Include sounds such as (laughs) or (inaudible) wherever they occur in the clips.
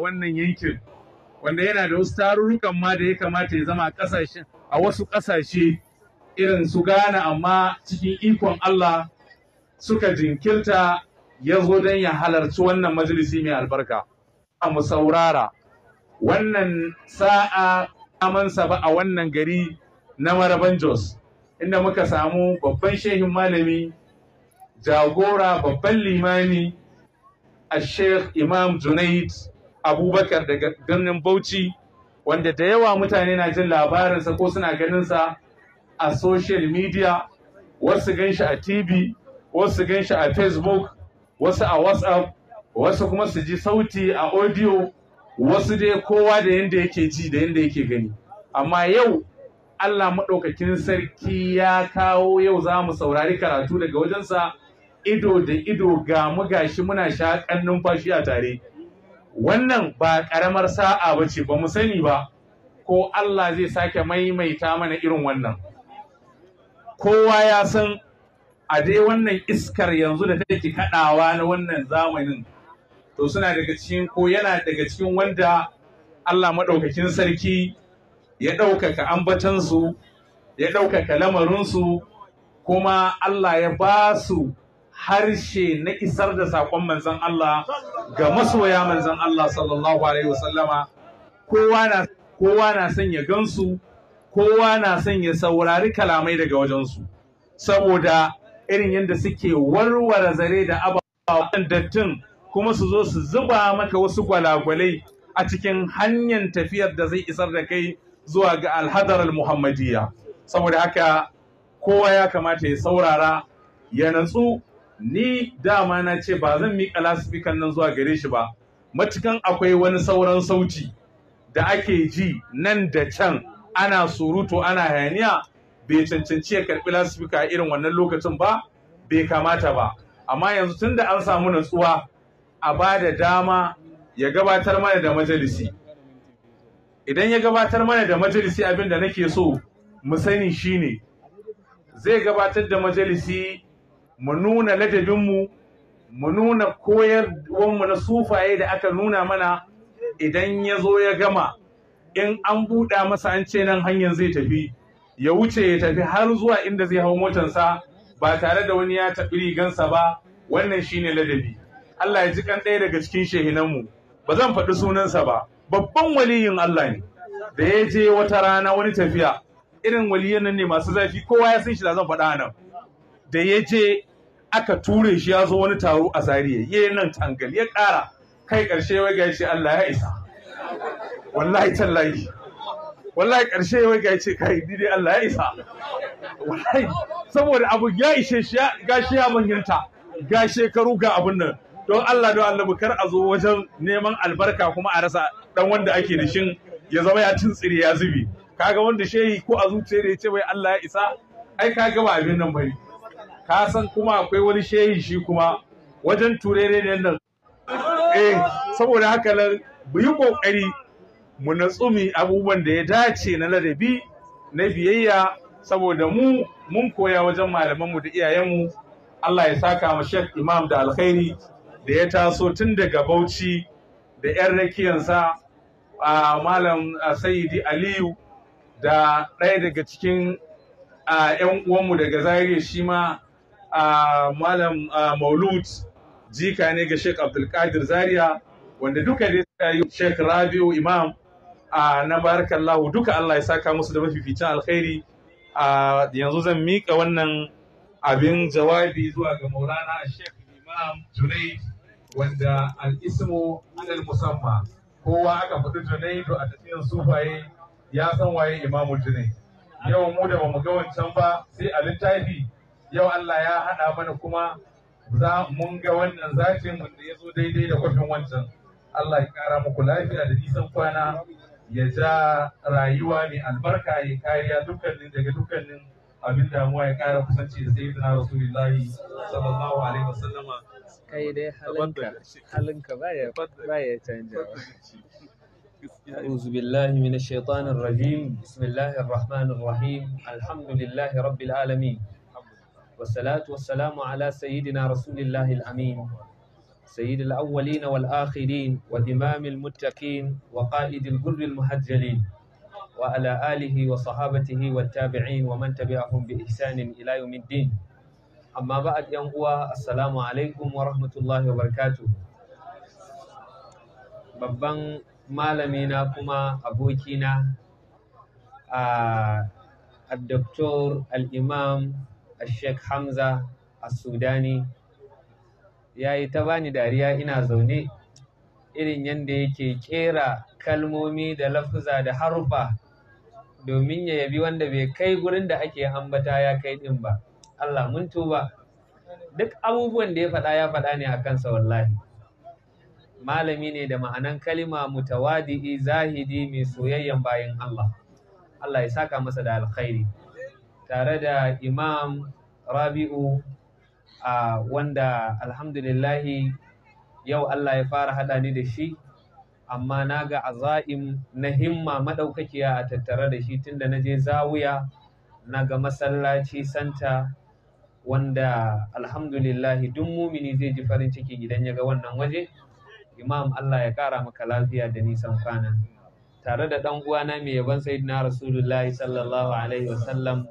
a wannan yankin wanda yana da wasu tarurrukan ma da ya kamata ya zama kasashen a wasu ƙasashe, irin su gane amma cikin ikon Allah suka jinkirta ya zo don ya halarci wannan majalisi mai albarka. A mu saurara wannan sa'a amansa ba a wannan gari na Maraban Jos inda muka samu babban shehin malami jagora babban limami a Sheikh Imam Junaid abubakar daga birnin bauchi wanda da yawa mutane na jin labarinsa ko suna ganinsa a social media wasu gan shi a tv wasu gan shi a facebook wasu a whatsapp wasu kuma su ji sauti a audio wasu dai kowa da yadda yake ji da yadda yake gani amma yau allah maɗaukakin sarki ya kawo yau za mu saurari karatu daga wajensa ido da ido ga mu gashi muna sha numfashi a tare wannan ba ƙaramar sa'a ba ce ba mu sani ba ko Allah zai sake maimaita mana irin wannan kowa ya san a dai wannan iskar yanzu da take kaɗawa na wannan zamanin to suna daga cikin ko yana daga cikin wanda Allah maɗaukakin sarki ya ɗaukaka ambatansu ya ɗaukaka lamarinsu kuma Allah ya ba su harshe na isar da saƙon manzan Allah ga masoya manzan Allah sallallahu alaihi wasallama kowa na kowa son ya gansu kowa na son ya saurari kalamai daga wajensu saboda irin yadda suke warware zare da ababen dattin kuma su zo su zuba maka wasu gwalagwalai a cikin hanyar tafiyar da zai isar da kai zuwa ga alhadar muhammadiyya saboda haka kowa ya kamata ya saurara ya natsu ni dama na ce ba zan miƙa lasifikan nan zuwa gare shi ba matukan akwai wani sauran sauti da ake ji nan da can ana surutu ana hayaniya bai cancanci ya karɓi lasifika irin wannan lokacin ba bai kamata ba amma yanzu tun da an samu natsuwa a ba da dama ya gabatar mana da majalisi idan ya gabatar mana da majalisi abin da nake so mu sani shine zai gabatar da majalisi mu nuna ladabinmu mu nuna koyarwanmu na sufaye da aka nuna mana idan ya zo ya gama in an buɗa masa an ce nan hanyar zai tafi ya wuce ya tafi har zuwa inda zai hau motarsa ba tare da wani ya taɓi rigansa ba wannan shine ladabi Allah ya ji kan ɗaya daga cikin shehinanmu ba zan faɗi sunansa ba babban waliyin Allah ne da ya je wata rana wani tafiya irin waliyan nan ne masu zafi kowa ya san shi da zan faɗa nan da ya je aka ture shi ya zo wani taro a zariya ya nan tangal ya ƙara kai ƙarshe wai ga yace Allah ya isa wallahi tallahi wallahi ƙarshe wai ga ce kai dide dai Allah ya isa wallahi saboda abu ya ishe shi ga shi ya manyanta ga shekaru ga abun nan don Allah don Allah kar a zo wajen neman albarka kuma a rasa dan wanda ake da shin ya zama ya tuntsire ya zubi kaga wanda shehi ko a zuciyar ya ce wai Allah ya isa ai kaga ba abin nan bane ka san kuma akwai wani shehi shi kuma wajen turere ne nan eh saboda haka nan mu yi kokari mu natsu mu abubuwan da ya dace na ladabi na biyayya saboda mu mun koya wajen malamanmu da iyayenmu Allah ya saka ma Sheikh Imam da alkhairi da ya taso tun daga Bauchi da 'yan rakiyansa a Malam Sayyidi Aliyu da ɗaya daga cikin ƴan uwanmu daga Zaria shi ma malam maulud jika ne ga sheik abdulkadir zaria wanda duka ne suka yi sheik rabiu imam na barakallahu duka allah ya saka musu da mafificin alkhairi yanzu zan mika wannan abin jawabi zuwa ga maulana sheik imam junaid wanda al'ismu alal musamma kowa aka faɗi junaidu a tafiyan sufaye ya san waye imamu junaid yau mu da ba mu ga wancan ba sai a littafi yau Allah ya haɗa mana kuma za mun ga wannan zafin wanda ya zo daidai da kwafin wancan Allah ya kara muku lafiya da nisan kwana ya ja rayuwa mai albarka ya kariya dukkanin daga dukkanin abin damuwa ya kara kusanci da sayyidina rasulullahi sallallahu alaihi wasallama kai dai halinka halinka baya baya canjawa أعوذ بالله من الشيطان الرجيم بسم الله الرحمن الرحيم الحمد لله رب العالمين wasalatu wasalamu ala sayyidina rasulillahil amin sayyidil awwalin wal akhirin wal imamil muttaqin wa qaidil gurril muhajjalin wa ala alihi wa sahabatihi wat tabi'in wa man tabi'ahum bi ihsanin ila yawmiddin amma ba'd yan uwa assalamu alaikum wa rahmatullahi wa barakatuh babban malamina kuma abokina a uh, الدكتور Sheikh Hamza a Sudani ya yi ta bani dariya ina zaune irin yadda yake kera kalmomi da lafuza da harufa domin ya yabi wanda bai kai gurin da ake hambata ya kai din ba Allah mun tuba duk abubuwan da ya faɗa ya faɗa ne a kansa wallahi malami ne da ma'anan kalima mutawadi'i zahidi mai soyayyen bayan Allah Allah ya saka masa da alkhairi tare da imam rabi'u a wanda alhamdulillahi yau Allah ya fara haɗa ni da shi amma na ga aza'im na himma maɗaukakiya a tattare da shi tunda na je zawuya na ga masallaci santa wanda alhamdulillahi duk mumini zai ji farin ciki gidan ya ga wannan waje imam Allah ya ƙara maka lafiya da nisan kwana tare da ɗan uwana mai yaban sayyidina rasulullahi sallallahu alaihi wasallam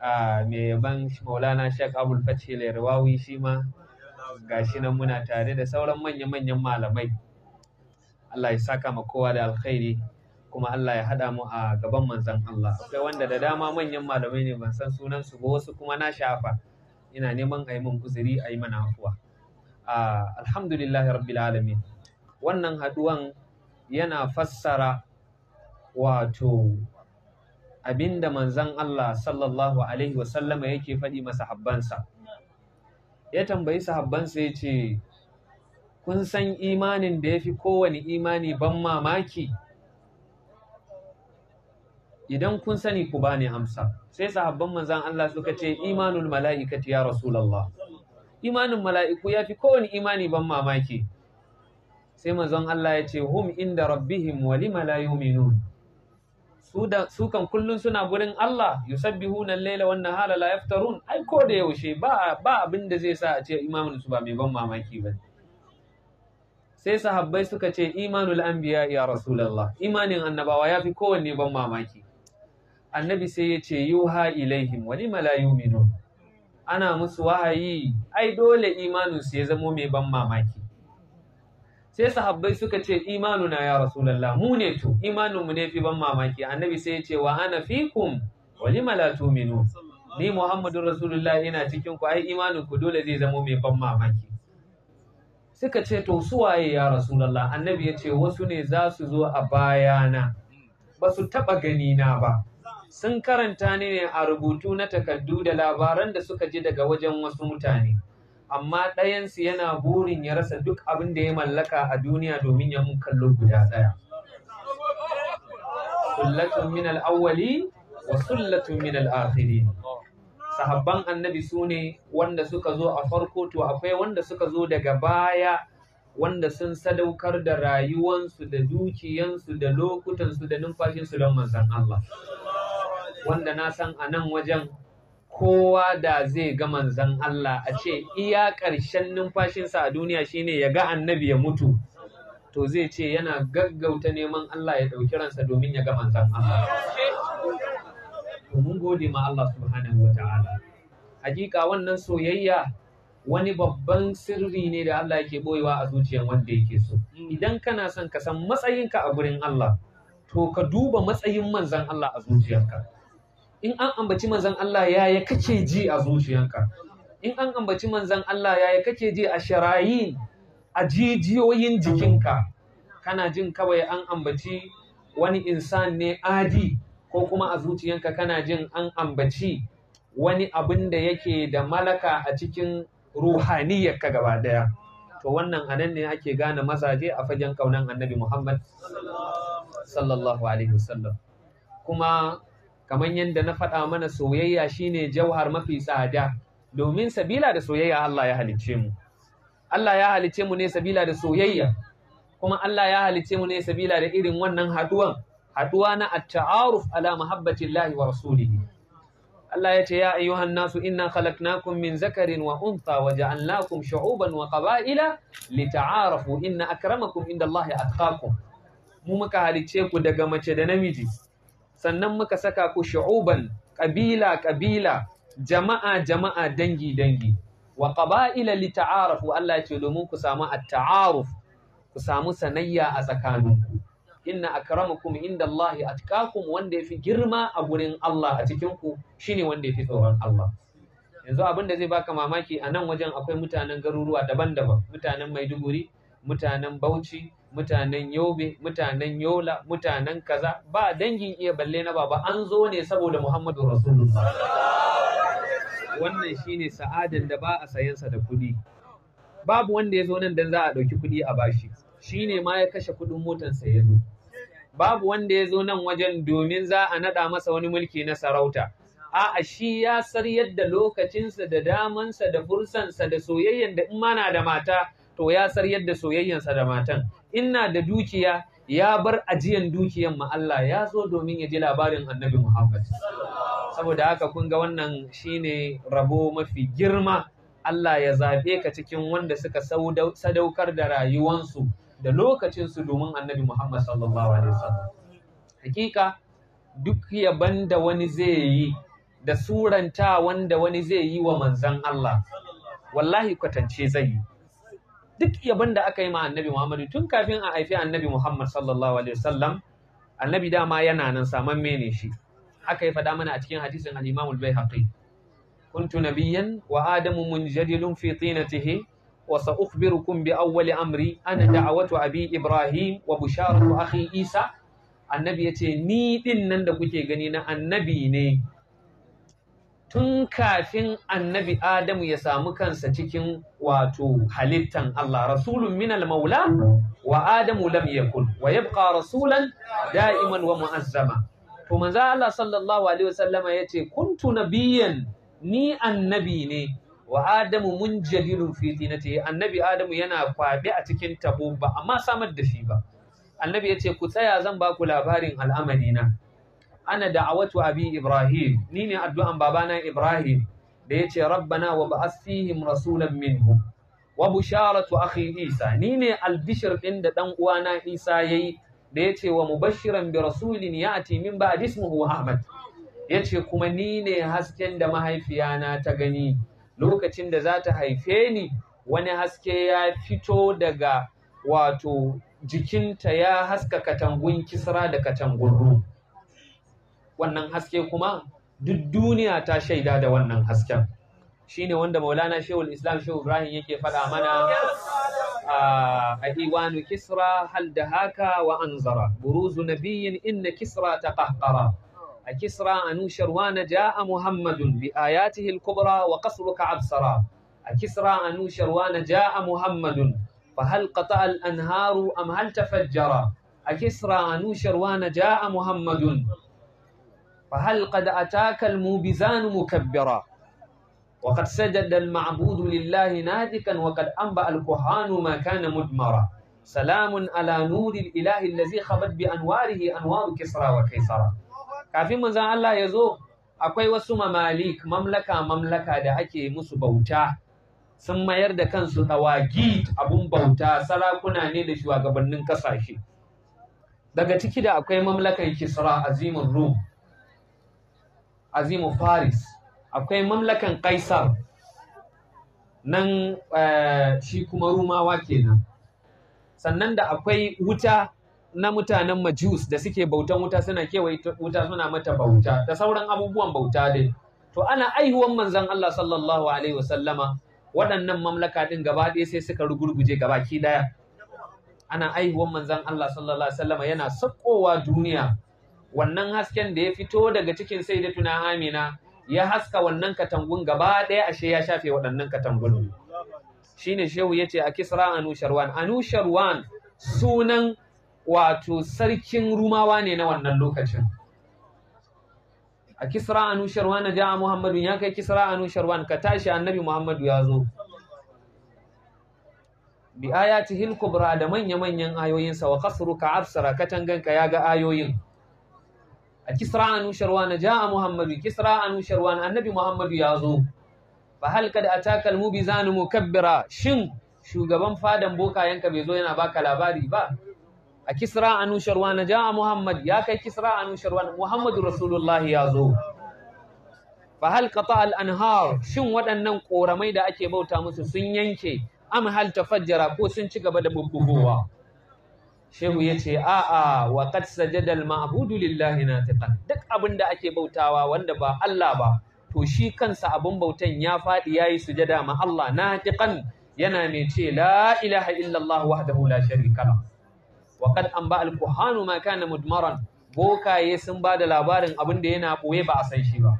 mai yaban maulana shek abul fathi lairawawi shi ma gashi nan muna tare da sauran manya-manyan malamai Allah ya saka ma kowa da alkhairi kuma Allah ya haɗa mu a gaban manzan Allah akwai wanda da dama manyan malamai ne ban san sunan su ba wasu kuma na shafa ina neman a yi min guzuri a yi mana afuwa alhamdulillah rabbil alamin wannan haduwan yana fassara wato abinda manzan Allah sallallahu alaihi wasallama yake faɗi masahabbansa ya tambayi sahabbansa ya ce kun san imanin da ya fi kowane imani ban mamaki idan kun sani ku bani amsa sai sahabban manzan Allah suka ce imanul mala'ikati ya rasulallah imanin mala'iku ya fi kowane imani ban mamaki sai manzon Allah ya ce hum inda rabbihim wali lima la yu'minun su sukan kan kullun suna gurin Allah yusabbihuna al-laila wannan nahara la yaftarun ai ko da yaushe ba ba abin da zai sa a ce imamun su ba mai ban mamaki ba sai sahabbai suka ce imanul anbiya ya rasulullah imanin annabawa yafi kowanne ban mamaki annabi sai ya ce yuha ilaihim wa lima la yu'minun ana musu wahayi ai dole imanin su ya zama mai ban mamaki sai sahabbai suka ce imanuna ya rasulullah mu ne to imanin mu ne fi ban mamaki annabi sai ya ce wa ana fikum wa lima la tu'minu ni muhammadun rasulullah ina cikin ku ai imanin ku dole zai zama mai ban mamaki suka ce to su waye ya rasulullah annabi ya ce wasu ne za su zo a bayana ba su taba gani na ba sun karanta ni ne a rubutu na takardu da labaran da suka ji daga wajen wasu mutane amma ɗayansu yana burin ya rasa duk abin da ya mallaka a duniya domin ya mun kallo guda ɗaya. Sullatun min al'awwali wa sullatun min al'akhiri. Sahabban annabi su ne wanda suka zo a farko to akwai wanda suka zo daga baya wanda sun sadaukar da rayuwansu da dukiyansu da lokutansu da numfashinsu don manzan Allah. Wanda na san a nan wajen kowa da zai ga manzan Allah a ce iya ƙarshen numfashinsa a duniya shine ya ga annabi ya mutu to zai ce yana gaggauta neman Allah ya ɗauki ransa domin ya ga manzan Allah. Mun gode ma Allah subhanahu wa ta'ala. Hakika wannan soyayya wani babban sirri ne da Allah yake boyewa a zuciyar wanda yake so. Idan kana son ka san matsayinka a gurin Allah, to ka duba matsayin manzan Allah a zuciyarka. in an ambaci manzan Allah ya yaya kake ji a zuciyanka in an ambaci manzan Allah ya yaya kake ji a sharayin a jijiyoyin jikinka kana jin kawai an ambaci wani insan ne adi ko kuma a zuciyanka kana jin an ambaci wani abin da yake da malaka a cikin ruhaniyarka gaba daya to wannan anan ne ake gane mazaje a fagen kaunan annabi Muhammad sallallahu alaihi wasallam kuma kamar yadda na faɗa mana soyayya shine jauhar mafi tsada domin sabila da soyayya Allah ya halicce mu Allah ya halicce mu ne sabila da soyayya kuma Allah ya halicce mu ne sabila da irin wannan haduwan haduwa na at-ta'aruf ala mahabbatillahi wa rasulihi Allah ya ce ya ayyuhan nasu inna khalaqnakum min zakarin wa untha wa ja'alnakum shu'uban wa qaba'ila lita'arafu inna akramakum indallahi atqakum mu muka halicce ku daga mace da namiji sannan muka saka ku shu'uban ƙabila ƙabila jama'a jama'a dangi dangi wa qaba'ila li ta'arafu Allah ce domin ku samu at-ta'aruf ku samu sanayya a tsakaninku inna akramakum inda Allah atqakum wanda yafi girma a gurin Allah a cikin ku shine wanda yafi tsoron Allah yanzu abin da zai baka mamaki a nan wajen akwai mutanen garuruwa daban-daban mutanen Maiduguri mutanen Bauchi mutanen yobe mutanen yola mutanen kaza ba dangin iya balle na baba an zo ne saboda muhammadu rasulullah wannan shine sa'adan da ba a sayansa da kuɗi babu wanda ya zo nan dan za a ɗauki kuɗi a bashi shine ma ya kashe kuɗin motansa ya zo babu wanda ya zo nan wajen domin za a naɗa masa wani mulki na sarauta a'a shi ya saryar da lokacinsa da damansa da fursansa da soyayyan da in mana da mata to ya saryar da soyayyansa da matan ina da dukiya ya bar ajiyan dukiyan ma Allah ya zo domin ya ji labarin annabi Muhammad saboda haka kun ga wannan shine rabo mafi girma Allah ya zaɓe ka cikin wanda suka sadaukar da rayuwansu da lokacinsu domin annabi Muhammad sallallahu alaihi wasallam hakika duk ya da wani zai yi da suranta wanda wani zai yi wa manzon Allah wallahi kwatance zai yi duk yabon da aka yi ma annabi Muhammadu tun kafin a haifi annabi Muhammad sallallahu alaihi wasallam annabi dama yana nan saman mene shi aka yi faɗa mana a cikin hadisin al-Imam al-Baihaqi kuntu nabiyyan wa adamu munjadilun fi tinatihi wa sa'ukhbirukum bi awwali amri ana da'awatu abi Ibrahim wa bisharatu akhi Isa annabi yace ni din nan da kuke gani na annabi ne tun kafin annabi Adamu ya samu kansa cikin wato halittan Allah rasulun minal maula wa Adamu lam yakun wa yabqa rasulan da'iman wa mu'azzama to manzo Allah sallallahu alaihi wasallama yace kuntu nabiyyan ni annabi ne wa Adamu munjalilun fi tinati annabi Adamu yana kwabe a cikin tabo ba amma samar da shi ba annabi yace ku tsaya zan ba ku labarin al'amarina ana da da'awatu abi ibrahim ni ne addu'an babana ibrahim da ya yace rabbana wa ba'ath rasulan minhu wa busharatu akhi isa ni ne albishir ɗin da dan uwana isa yayi da ya ce wa mubashiran bi rasulin ya'ti min ba'd ismuhu ahmad ce kuma ni ne hasken da mahaifiyana ta gani lokacin da za ta haife ni wani haske ya fito daga wato jikinta ya haska katangun kisra da katangun wannan haske kuma duk duniya ta shaida da wannan hasken shine wanda maulana shehul islam shehu ibrahim yake faɗa mana a iwanu kisra hal da haka wa anzara buruzu nabiyyin inna kisra ta qahqara a kisra anusharwana ja'a muhammadun bi ayatihi kubra wa ka absara a kisra anusharwana ja'a muhammadun fa hal qata al-anharu am hal tafajjara a kisra anusharwana ja'a muhammadun فهل قد أتاك الموبزان مكبرا وقد سجد المعبود لله نادكا وقد أنبأ الكهان ما كان مدمرا سلام على نور الإله الذي خبت بأنواره أنوار كسرى وكيسرى كافي منزان الله يزو akwai wasu mamalik mamlaka mamlaka da ake musu bauta sun mayar da kansu tawagi abun bauta sarakuna ne da shugabannin kasashe daga ciki da akwai mamlakan kisra azimin rum azimu Paris, akwai mamlakan kaisar nan eh, shi kuma rumawa kenan sannan da akwai wuta na mutanen majus da suke bautan wuta suna kewaye wuta suna mata bauta da sauran abubuwan bauta dai to ana aihuwan manzon Allah sallallahu alaihi wasallama waɗannan mamlaka ɗin gaba ɗaya sai suka rugurguje ki ɗaya, ana aihuwan manzon Allah sallallahu alaihi wasallama yana sakkowa duniya wannan hasken da ya fito daga cikin sai da tuna amina ya haska wannan katangun gaba ɗaya ashe ya shafe waɗannan katangun Shi ne shehu ya ce a kisra anusharwan anusharwan sunan wato sarkin rumawa ne na wannan lokacin a kisra anusharwan na ja'a muhammadu ya kai kisra anusharwan ka tashi annabi muhammadu ya zo bi ci hilkubra da manya-manyan ayoyinsa wa ka absara ka ya ga ayoyin a kisra an ja ja'a muhammadu kisra an na annabi muhammadu ya zo fa hal kad bi zanu mu kabbira, shin shugaban fadan boka yanka bai zo yana baka labari ba a kisra an ja ja'a muhammad ya kai kisra an na muhammadu rasulullah ya zo fa halka ta al-anhar shin waɗannan ƙoramai da ake bauta musu sun yanke am hal tafajjara ko sun ci gaba da bubbugowa shehu ya ce a'a wa qad sajada ma'budu lillahi natiqan duk abin da ake bautawa wanda ba Allah ba to shi kansa abin bautan ya faɗi yayi sujada ma Allah natiqan yana mai ce la ilaha illallah wahdahu la sharika la wa qad anba al kuhanu ma kana mudmaran bokaye sun ba da labarin abin da yana ɓoye ba a san shi ba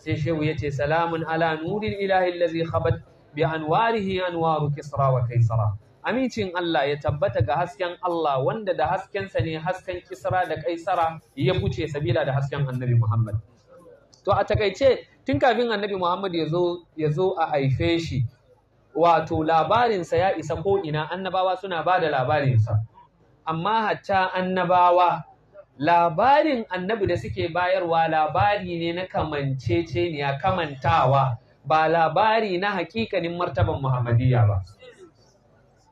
sai shehu ya ce salamun ala nurin ilahi allazi khabat bi anwarihi anwaru kisra wa kaisara amincin Allah ya tabbata ga hasken Allah wanda da haskensa ne hasken Kisra da Kaisara ya buce sabila da hasken Annabi Muhammad to a takaice tun kafin Annabi Muhammad ya zo a haife shi wato labarinsa ya isa ko'ina, annabawa suna ba da labarinsa amma hatta annabawa labarin annabi da suke bayarwa labari ne na kamanceceniya kamantawa ba labari na hakikanin martaban Muhammadiyya ba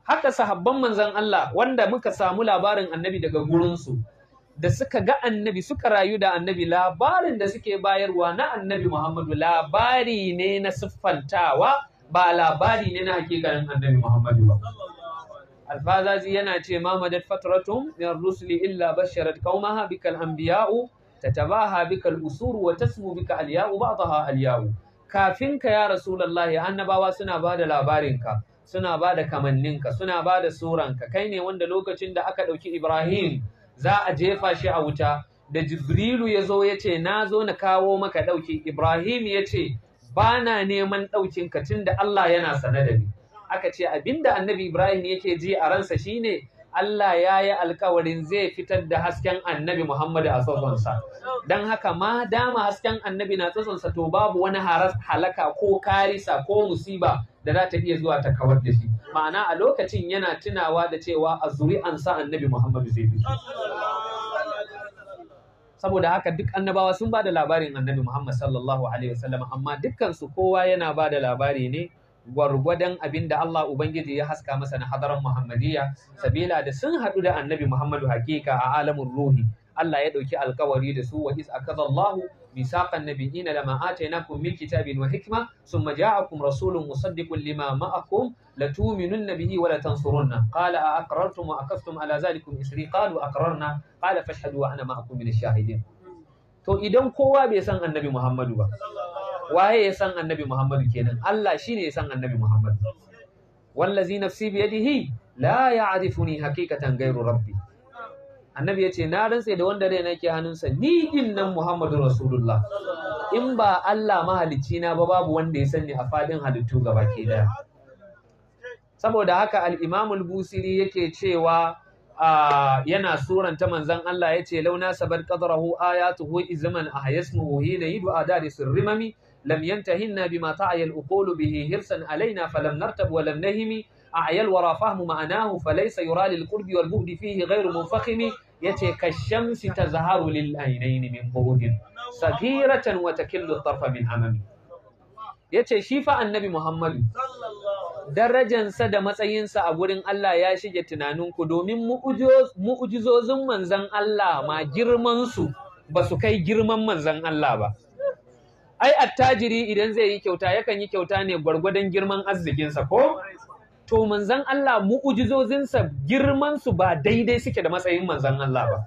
haka sahabban manzan Allah wanda muka samu labarin annabi daga gurinsu da suka ga annabi suka rayu da annabi labarin da suke bayarwa na annabi Muhammadu labari ne na siffantawa ba labari ne na hakikanin annabi Muhammadu ba. Alfazazi yana ce ma madad fatratun min rusuli illa basharat qaumaha bikal anbiya'u tatabaha bikal usuru wa tasmu bika alya'u ba'daha alya'u kafin ka ya rasulullahi annabawa suna da labarin ka suna ba da kamanninka suna ba da suranka kai ne wanda lokacin da aka ɗauki ibrahim za a jefa shi a wuta da jibrilu ya zo ya ce na zo na kawo maka ɗauki ibrahim ya ce ba na neman ɗaukinka tun da allah yana sane da ni aka ce abinda annabi ibrahim yake ji a ransa shine Allah ya yi alkawarin zai fitar da hasken annabi Muhammadu a tsohonsa. Don haka ma dama hasken annabi na tsohonsa to babu wani halaka ko karisa ko musiba da za ta iya zuwa ta kawar da shi. Ma'ana a lokacin yana tunawa da cewa a zuri'ansa annabi Muhammadu zai fito. saboda haka duk annabawa sun ba da labarin annabi Muhammad sallallahu alaihi wasallam amma dukkan kowa yana ba da labari ne gwargwadon abin da Allah Ubangiji ya haska masa na hadarar Muhammadiyya sabila da sun haɗu da annabi Muhammadu hakika a alamun ruhi Allah ya ɗauki alkawari da su wa is akadallahu misaqan nabiyina lama atainakum min kitabin wa hikma thumma ja'akum rasulun musaddiqun lima ma'akum latu'minunna bihi wa latansurunna qala a aqrartum wa akaftum ala zalikum isri qalu aqrarna qala fashhadu wa ana ma'akum min ash-shahidin to idan kowa bai san annabi Muhammadu ba waye ya san annabi Muhammad kenan Allah shine ya san annabi Muhammad wallazi nafsi biyadihi la ya'rifuni haqiqatan ghayru rabbi annabi yace ce na rantsa da wanda raina ke hannunsa ni din nan muhammadu rasulullah in ba allah mahalicci na ba babu wanda ya sani a fadin halittu gaba ke daya saboda haka al'imamul busiri yake cewa yana suranta Manzon allah ya ce launa sabar qadarahu ayatuhu izman ahyasmuhu hina yidu adari sirrimami lam yantahinna bima ta'ayal uqulu bihi hirsan alaina falam nartab wa lam nahimi a'yal wara fahmu ma'anahu falaysa yura lil qurbi wal bu'di fihi ghayru munfakhimi yace kashamsi tazharu lil aynayn min bu'din sagiratan wa takillu tarfa min amami yace shi fa annabi muhammadu darajansa da matsayinsa a gurin Allah ya shiga tunaninku domin mu'ujizozin manzan Allah ma girmansu ba su kai girman manzan Allah ba. ai attajiri idan zai yi kyauta yakan yi kyauta ne gwargwadon girman arzikinsa ko to manzon Allah mu'ujizozinsa girman su ba daidai suke da matsayin manzan Allah ba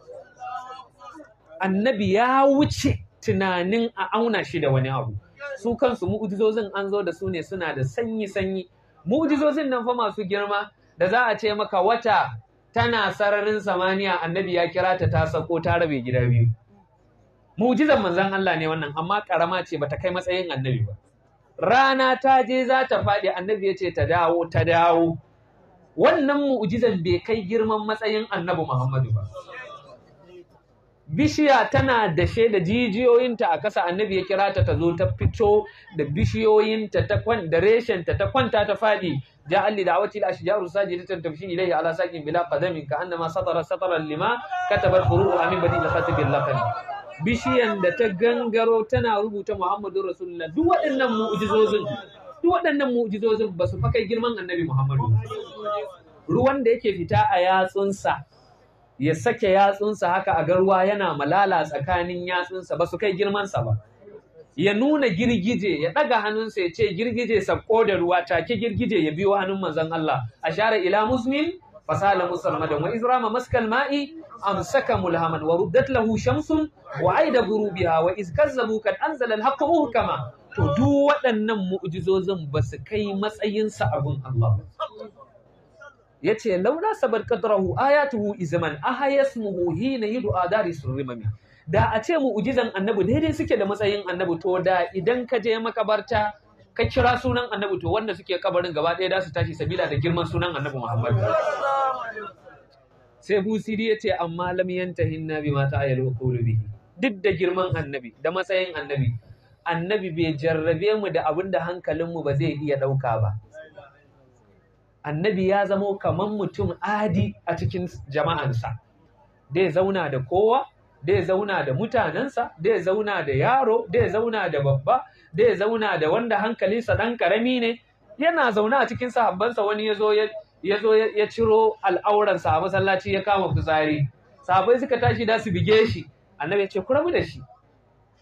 annabi ya wuce tunanin a auna shi da wani abu su kansu mu'ujizozin an zo da su ne suna da sanyi sanyi mu'ujizozin nan fa masu girma da za a ce maka wata tana sararin samaniya annabi ya kira ta ta sako ta rabe gida biyu mu'jizan manzon Allah ne wannan amma karama ce bata kai matsayin annabi ba rana ta je za ta faɗi annabi ya ce ta dawo ta dawo wannan mu'jizan bai kai girman matsayin annabi Muhammadu ba bishiya tana dashe da jijiyoyinta a kasa annabi ya kira ta ta zo ta fito da bishiyoyinta ta kwan da reshen ta ta kwanta ta faɗi. ja alli da awati la ashjaru ta tamshi ilayhi ala sakin bila qadamin ka annama satara satara lima katabat furu'u amin badi la khatib al bishiyan da ta gangaro tana rubuta Muhammadu Rasulullah duk waɗannan mu'jizozin duk waɗannan mu'jizozin ba su fakai girman annabi Muhammadu ruwan da yake fita a yatsunsa ya sake yatsunsa haka a garwa yana malala tsakanin yatsunsa ba su kai girmansa ba ya nuna girgije ya ɗaga hannunsa ya ce girgije sakko da ruwa take girgije ya biyo hannun manzon Allah a share ila muslim فسال موسى المدن وإزرام مسك الماء أمسك ملهما وردت له شمس وعيد غروبها وإذ كذبوا قد أنزل الحق مهكما to duk waɗannan mu'jizozin ba su kai matsayinsa abin Allah ba. Ya ce, launa sabar kadrahu ayatuhu izman ahayas muhuhi na yi du'a dari sun rimami. Da a ce mu'ujizan annabi daidai suke da matsayin annabi to da idan ka je makabarta ka kira sunan annabi to wanda suke kabarin gaba ɗaya da su tashi sabila da girman sunan annabi Muhammad sai busiri ya ce amma lam yantahin nabi mata ayalu qulubi duk da girman annabi da matsayin annabi annabi bai jarrabe mu da abin da hankalinmu ba zai iya ɗauka ba annabi ya zamo kaman mutum adi a cikin jama'ansa dai zauna da kowa dai zauna da mutanensa dai zauna da yaro dai zauna da babba dai zauna da wanda hankalinsa dan karami ne yana zauna a cikin sahabbansa wani ya zo ya ciro al'auransa a masallaci ya kama fitsari sahabbai suka tashi da su bige shi annabi ya ce ku rabu da shi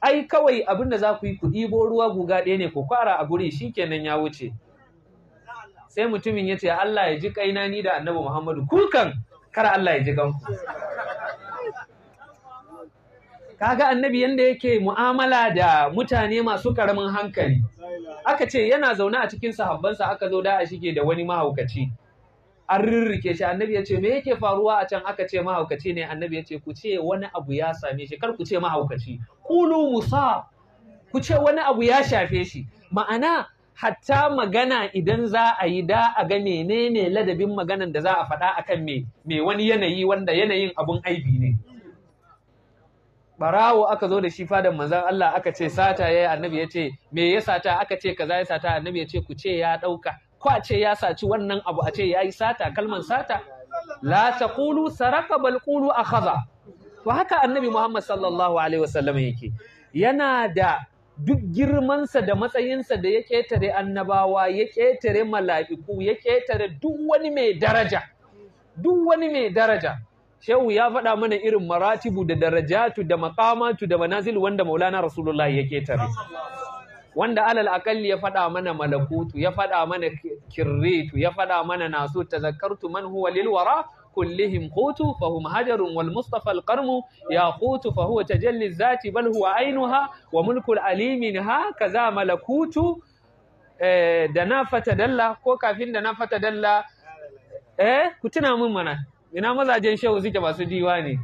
ai kawai abin da za ku yi ku ɗibo ruwa guga ɗaya ne ku kwara a guri shikenan ya wuce sai mutumin ya ce Allah ya ji kaina ni da annabi Muhammadu kukan kar Allah ya ji ganku kaga annabi yanda yake mu'amala da mutane masu karamin hankali aka ce yana zaune a cikin sahabbansa aka zo da a shige da wani mahaukaci an rirrike shi annabi ya ce me yake faruwa a can aka ce mahaukaci ne annabi ya ce ku ce wani abu ya same shi kar ku ce mahaukaci kulu musa ku ce wani abu ya shafe shi ma'ana hatta magana idan za a yi da a ga menene ladabin maganan da za a faɗa akan me me wani yanayi wanda yanayin abun aibi ne barawo aka zo da shi fadan manzon Allah aka ce sata yayi annabi yace me ya sata aka ce kaza ya sata annabi yace ku ce ya ɗauka ko a ce ya saci wannan abu a ce yayi sata kalman sata la taqulu saraka bal qulu akhadha to haka annabi Muhammad sallallahu alaihi wasallam yake yana da duk girmansa da matsayinsa da ya ƙetare annabawa ya ƙetare mala'iku ya ƙetare duk wani mai daraja duk wani mai daraja shehu ya faɗa mana irin maratibu da darajatu da makamatu da manazil wanda maulana rasulullahi ya tare. wanda alal akalli ya faɗa mana malakutu ya faɗa mana kirritu ya faɗa mana nasu tazakkartu man huwa lil wara kullihim hutu fahum hajarun wal mustafa al qarmu ya hutu fa huwa tajalli zati bal huwa ainuha wa mulkul alimin ha kaza malakutu eh, da na fata dalla ko kafin da na fata dalla eh ku tuna mun mana ina mazajen shehu suke masu diwa ne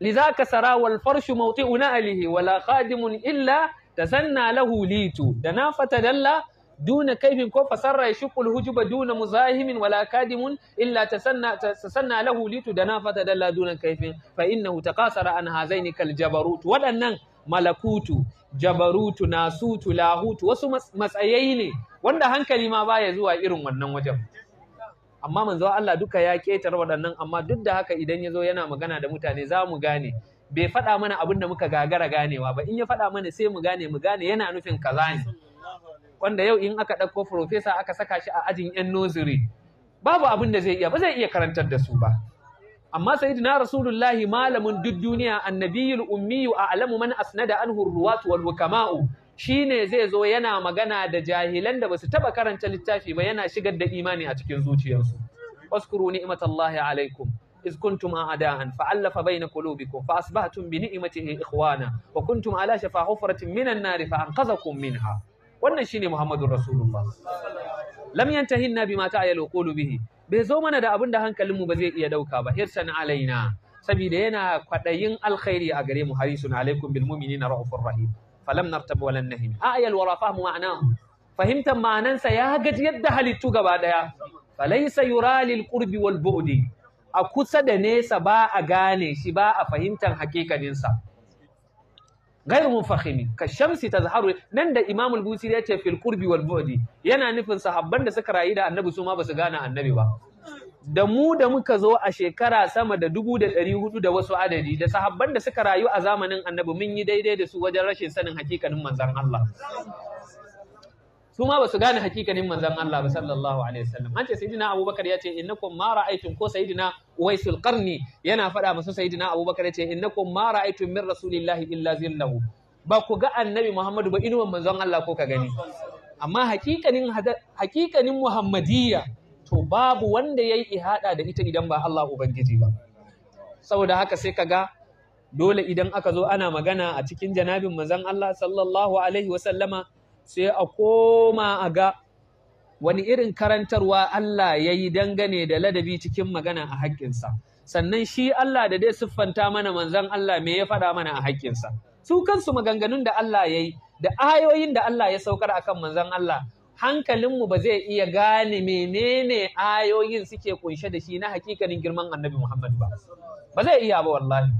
lizaka sara wal farshu mawti'una alihi wala khadimun illa tasanna lahu litu da na dalla, duna kaifin ko fasarra shukul hujuba duna muzahimin wala kadimun illa tasanna tasanna lahu litu da na dalla duna kaifin fa innahu taqasara an hazaini kal jabarut wadannan malakutu jabarutu nasutu lahutu wasu matsayai ne wanda hankali ma baya zuwa irin wannan wajen amma manzo Allah duka ya ketar waɗannan amma duk da haka idan ya zo yana magana da mutane za mu gane bai faɗa mana abin da muka gagara ganewa ba in ya faɗa mana sai mu gane mu gane yana nufin kaza ne wanda yau in aka ɗauko profesa aka saka shi a ajin yan noziri babu abin da zai iya ba zai iya karantar da su ba amma sayyidina rasulullahi malamin duk duniya annabiyul ummiyu a alamu man asnada anhu ruwatu wal hukama'u shine zai zo yana magana da jahilan da basu taba karanta littafi ba yana shigar da imani a cikin zuciyarsu waskuru ni'matallahi alaikum إذ كنتم أعداء فألف bi قلوبكم فأصبحتم بنعمته إخوانا وكنتم على شفا حفرة من النار فأنقذكم منها wannan shine Muhammadu Rasulullah lam yantahinna bima ta'yalu qulubihi bai zo mana da abin da hankalinmu ba zai iya dauka ba hirsan alaina saboda yana kwadayin alkhairi a gare mu harisun alaikum bil mu'minina raufur rahim falam nartab walan nahim ayal wara fahmu ma'ana fahimtar ma'anansa ya gaji yadda halittu gaba ɗaya. falaysa yura lil qurbi wal bu'di a kusa da nesa ba a gane shi ba a fahimtar hakikaninsa غير kashamsi كالشمس تظهر نن da Imam al-Busiri yace fil qurbi wal bu'di yana nufin sahabban da suka rayu da Annabi su ma basu gane Annabi ba da mu da muka zo a shekara sama da dubu da ɗari hudu da wasu adadi da sahabban da suka rayu a zamanin annabi mun yi daidai da su wajen rashin sanin hakikanin manzan Allah su ma ba su gane hakikanin manzan Allah ba sallallahu alaihi wasallam an ce sayyidina abubakar ya ce innakum ma ra'aytum ko sayidina waisul qarni yana faɗa masu sayyidina abubakar ya ce innakum ma ra'aytum min rasulillahi illa zillahu ba ku ga annabi muhammadu ba inuwan manzon Allah ko ka gani amma hakikanin hakikanin muhammadiyya to babu wanda ya yi ihada da ita idan ba Allah ubangiji ba saboda haka sai kaga dole idan aka zo ana magana a cikin janabin manzon Allah sallallahu alaihi wasallama sai a koma a ga wani irin karantarwa Allah ya yi dangane da ladabi cikin magana a haƙƙinsa sannan shi Allah da dai siffanta mana manzon Allah me ya faɗa mana a haƙƙinsa su kansu maganganun da Allah ya yi da ayoyin da Allah ya saukar akan manzon Allah hankalinmu ba zai iya gane menene ayoyin suke kunshe da shi na hakikanin girman annabi Muhammad ba. Ba zai iya ba wallahi.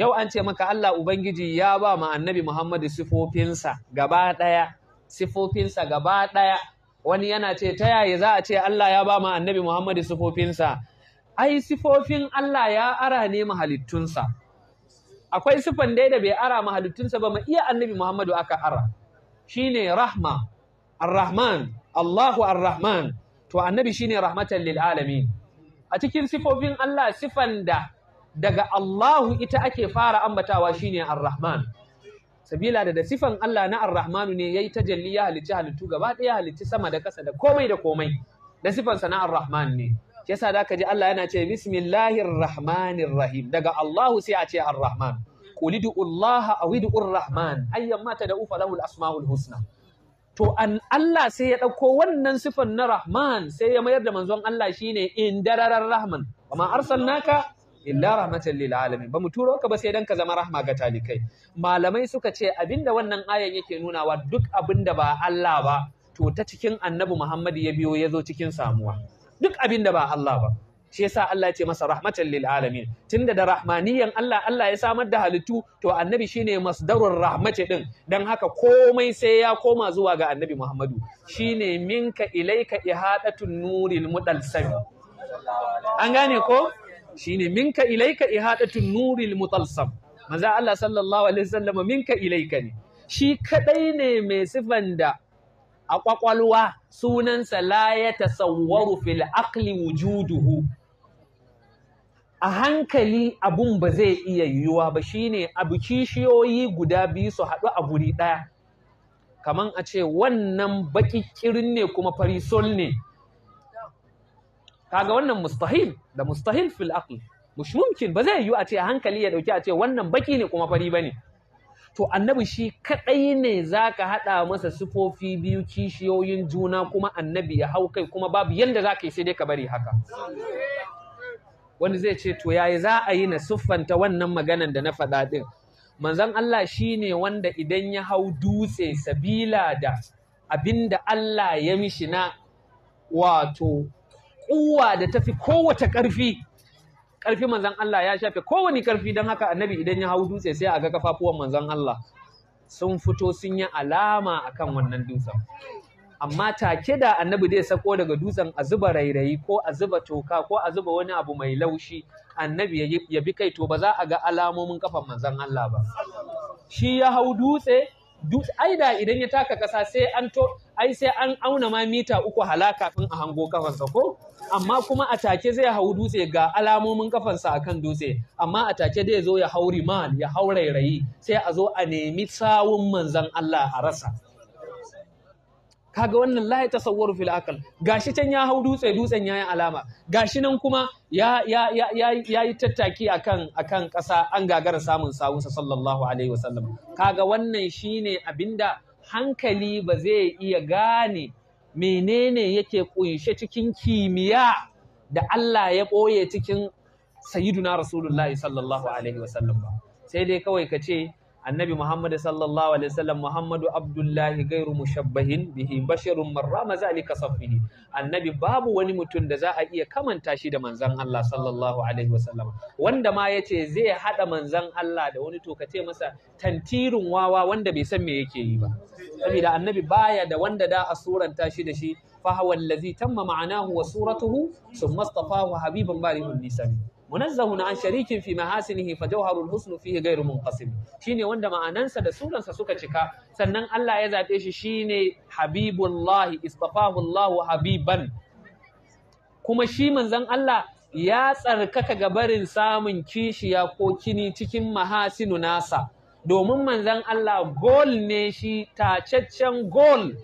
Yau an ce maka Allah Ubangiji ya ba ma annabi Muhammad sifofinsa gaba ɗaya, sifofinsa gaba ɗaya. Wani yana ce ta yaya za a ce Allah ya ba ma annabi Muhammad sifofinsa. Ai sifofin Allah ya ara ne mahalittunsa. Akwai sifan dai da bai ara mahalittunsa ba ma iya annabi Muhammadu aka ara. Shi ne rahma Ar-Rahman, Allahu Ar-Rahman, to annabi shine rahmatan lil alamin. A cikin sifofin Allah sifan da daga Allahu ita ake fara ambatawa shine Ar-Rahman. Sabila da da sifan Allah na Ar-Rahmanu ne yayi tajalli ya halicci halittu gaba ɗaya halicci sama da ƙasa da komai da komai. Da sifan sa na Ar-Rahman ne. Yasa da ka ji Allah yana ce bismillahir rahmanir rahim daga Allahu sai a ce Ar-Rahman. Qul du'u Allah aw du'ur Rahman ayyamma tad'u falahu al-asma'ul husna. to an Allah sai ya ɗauko wannan sifan na Rahman sai ya mayar da manzon Allah shine in dararar Rahman amma arsalnaka illa rahmatan lil alamin ba mu turo ka ba sai dan ka zama rahma ga talikai malamai suka ce abinda wannan ayan yake nunawa duk abinda ba Allah ba to ta cikin annabi Muhammad ya biyo ya zo cikin samuwa duk abinda ba Allah ba shi yasa Allah ya ce masa rahmatan lil alamin tunda da rahmaniyan Allah Allah ya samar da halittu to annabi shine masdarur rahmati din dan haka komai sai ya koma zuwa ga annabi Muhammadu shine minka ilaika ihadatun nuril mudalsam an gane ko shine minka ilaika ihadatun nuril mutalsam manzo Allah sallallahu alaihi wasallam minka ilaika ne shi kadai ne mai sifan da a kwakwalwa sunansa la ya tasawwaru fil aqli wujuduhu a hankali abun ba zai iya yiwuwa ba shine abu kishiyoyi guda biyu su haɗu a guri ɗaya kaman a ce wannan bakikirin ne kuma farisol ne kaga wannan mustahil da mustahil fil aqli mush ba zai yiwu a ce a hankali ya dauki a ce wannan baki ne kuma fari bane to annabi shi kadai ne zaka hada masa sufofi biyu kishiyoyin juna kuma annabi ya hau kai kuma babu yanda zaka yi sai dai ka bari haka wani zai ce to yayi za a yi na siffanta wannan maganan da na faɗa ɗin manzon Allah ne wanda idan ya hau dutse sabila da abinda Allah ya mishi na wato kuwa da tafi kowace ƙarfi ƙarfi manzan Allah ya shafe kowane ƙarfi don haka annabi idan ya hau dutse sai a ga kafafuwan manzan Allah sun fito sun yi alama akan wannan dutsen amma take da annabi zai sako daga dutsen a zuba rairayi ko a zuba toka ko a zuba wani abu mai laushi annabi ya bi kai to ba za a ga alamomin kafan manzon Allah ba shi ya hau dutse dutse ai da idan ya taka kasa sai an to ai sai an auna ma mita uku hala kafin a hango kafansa ko amma kuma a take zai hau dutse ga alamomin kafansa akan dutse amma a take zai zo ya hauri rimal ya hau rairayi sai a zo a nemi sawun manzon Allah a rasa kaga wannan la tasawwaru fil aql gashi can ya hau dutse dutsen yayin alama gashi nan kuma ya ya ya yayi tattaki akan akan ƙasa an gagara samun sawunsa sallallahu alaihi wasallam kaga wannan shine abinda hankali ba zai iya gane menene yake kunshe cikin kimiyya da Allah ya ɓoye cikin sayyiduna rasulullahi sallallahu alaihi wasallam ba sai dai kawai ka ce annabi muhammad sallallahu alaihi wasallam muhammadu abdullahi gairu mushabbahin bihi basharun marrama zalika safihi annabi babu wani mutum da za a iya kamanta shi da manzon Allah sallallahu alaihi wasallam wanda ma yace zai hada manzon Allah da wani to kace masa tantirin wawa wanda bai san me yake yi ba saboda annabi baya da wanda da a suranta shi da shi fa huwa allazi tamma ma'anahu wa suratuhu summa istafahu habiban barihun nisabi munazzahun an sharikin fi mahasinihi fa jawharul husnu fihi ghairu munqasim shine wanda ma'anansa da suransa suka cika sannan Allah ya zaɓe shi shine habibullahi istafahu habiban kuma shi manzan Allah ya tsarkaka gabarin samun kishiya ko kini cikin mahasinu nasa domin manzan Allah gol ne shi tacaccen gol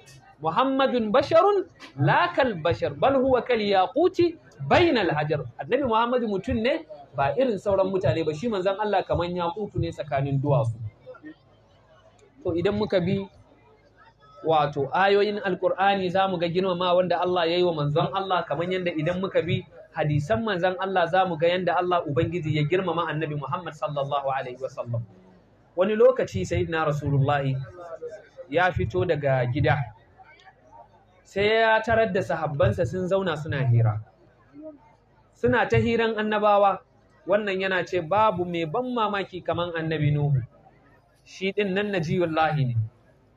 Muhammadun basharun lakal bashar bal huwa kal yaquti bayin alhajar annabi muhammadu mutum ne ba irin sauran mutane ba shi manzan Allah kaman ya kutu ne tsakanin duwatsu to idan muka bi wato ayoyin alkur'ani za mu ga girmama wanda Allah ya yi wa manzon Allah kaman yadda idan muka bi hadisan manzan Allah za mu ga yadda Allah ubangiji ya girmama annabi Muhammad sallallahu alaihi wasallam wani lokaci sayyidina rasulullahi ya fito daga gida sai ya tarar da sahabbansa sun zauna suna hira suna ta hiran annabawa wannan yana ce babu mai ban mamaki kaman annabi nuhu shi din nan najiyullahi ne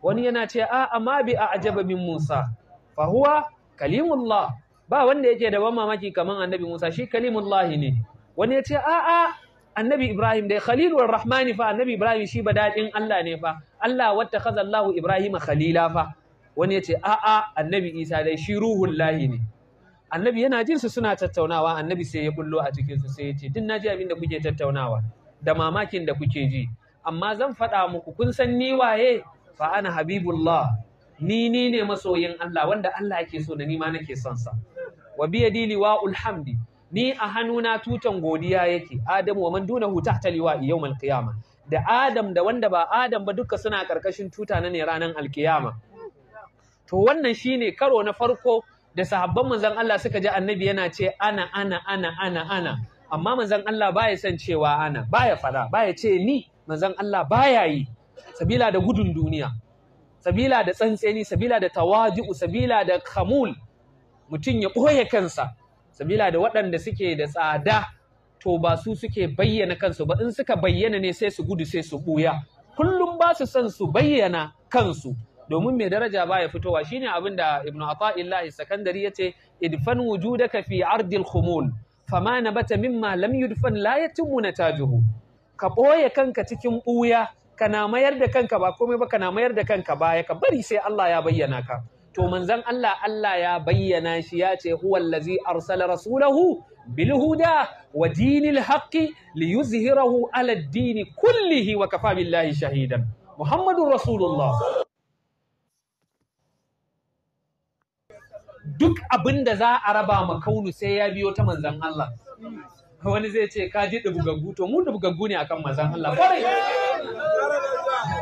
wani yana ce a amma bi a ajaba min musa fa huwa kalimullah ba wanda yake da ban mamaki kaman annabi musa shi kalimullahi ne wani ya ce a a annabi ibrahim dai khalilur rahmani fa annabi ibrahim shi badadin allah ne fa allah wattakhadha allah ibrahima khalila fa wani ya ce a a annabi isa dai shi ruhun lahi ne annabi yana su suna tattaunawa annabi sai ya bullo a cikinsu sai ya ce duk na ji abin da kuke tattaunawa da mamakin da kuke ji amma zan faɗa muku kun san ni waye fa ana habibullah ni ni ne masoyin Allah wanda Allah yake so da ni ma nake son sa wa bi yadi liwa'ul hamdi ni a hannuna tutan godiya yake adamu wa man dunahu tahta liwa'i yawmal qiyamah da adam da wanda ba adam ba duka suna karkashin tuta na ne ranar alkiyama to wannan shine karo na farko da sahabban manzon Allah suka ji annabi yana ce ana ana ana ana ana amma manzon Allah baya son cewa ana baya fada baya ce ni manzon Allah baya yi sabila da gudun duniya sabila da tsantseni sabila da tawadi'u sabila da khamul mutum ya ɓoye kansa sabila da waɗanda suke da tsada to ba su suke bayyana kansu ba in suka bayyana ne sai su gudu sai su ɓuya kullum ba su son su bayyana kansu domin mai daraja baya fitowa shine abin da ibnu ata'illahi sakandari yace idfan wujudaka fi ardil khumul fama nabata mimma lam yudfan la yatimmu natajuhu ka boye kanka cikin buya kana mayar da kanka ba komai ba kana mayar da kanka baya ka bari sai Allah ya bayyana ka to manzon Allah Allah ya bayyana shi ya ce huwal ladzi arsala rasulahu bil huda wa dinil haqqi liyuzhirahu ala ad-din kullihi wa kafa billahi shahidan muhammadur rasulullah duk abin da za a raba ma kaunu sai ya biyo ta manzan Allah wani zai ce ka ji da to mu da ne akan manzan Allah kwarai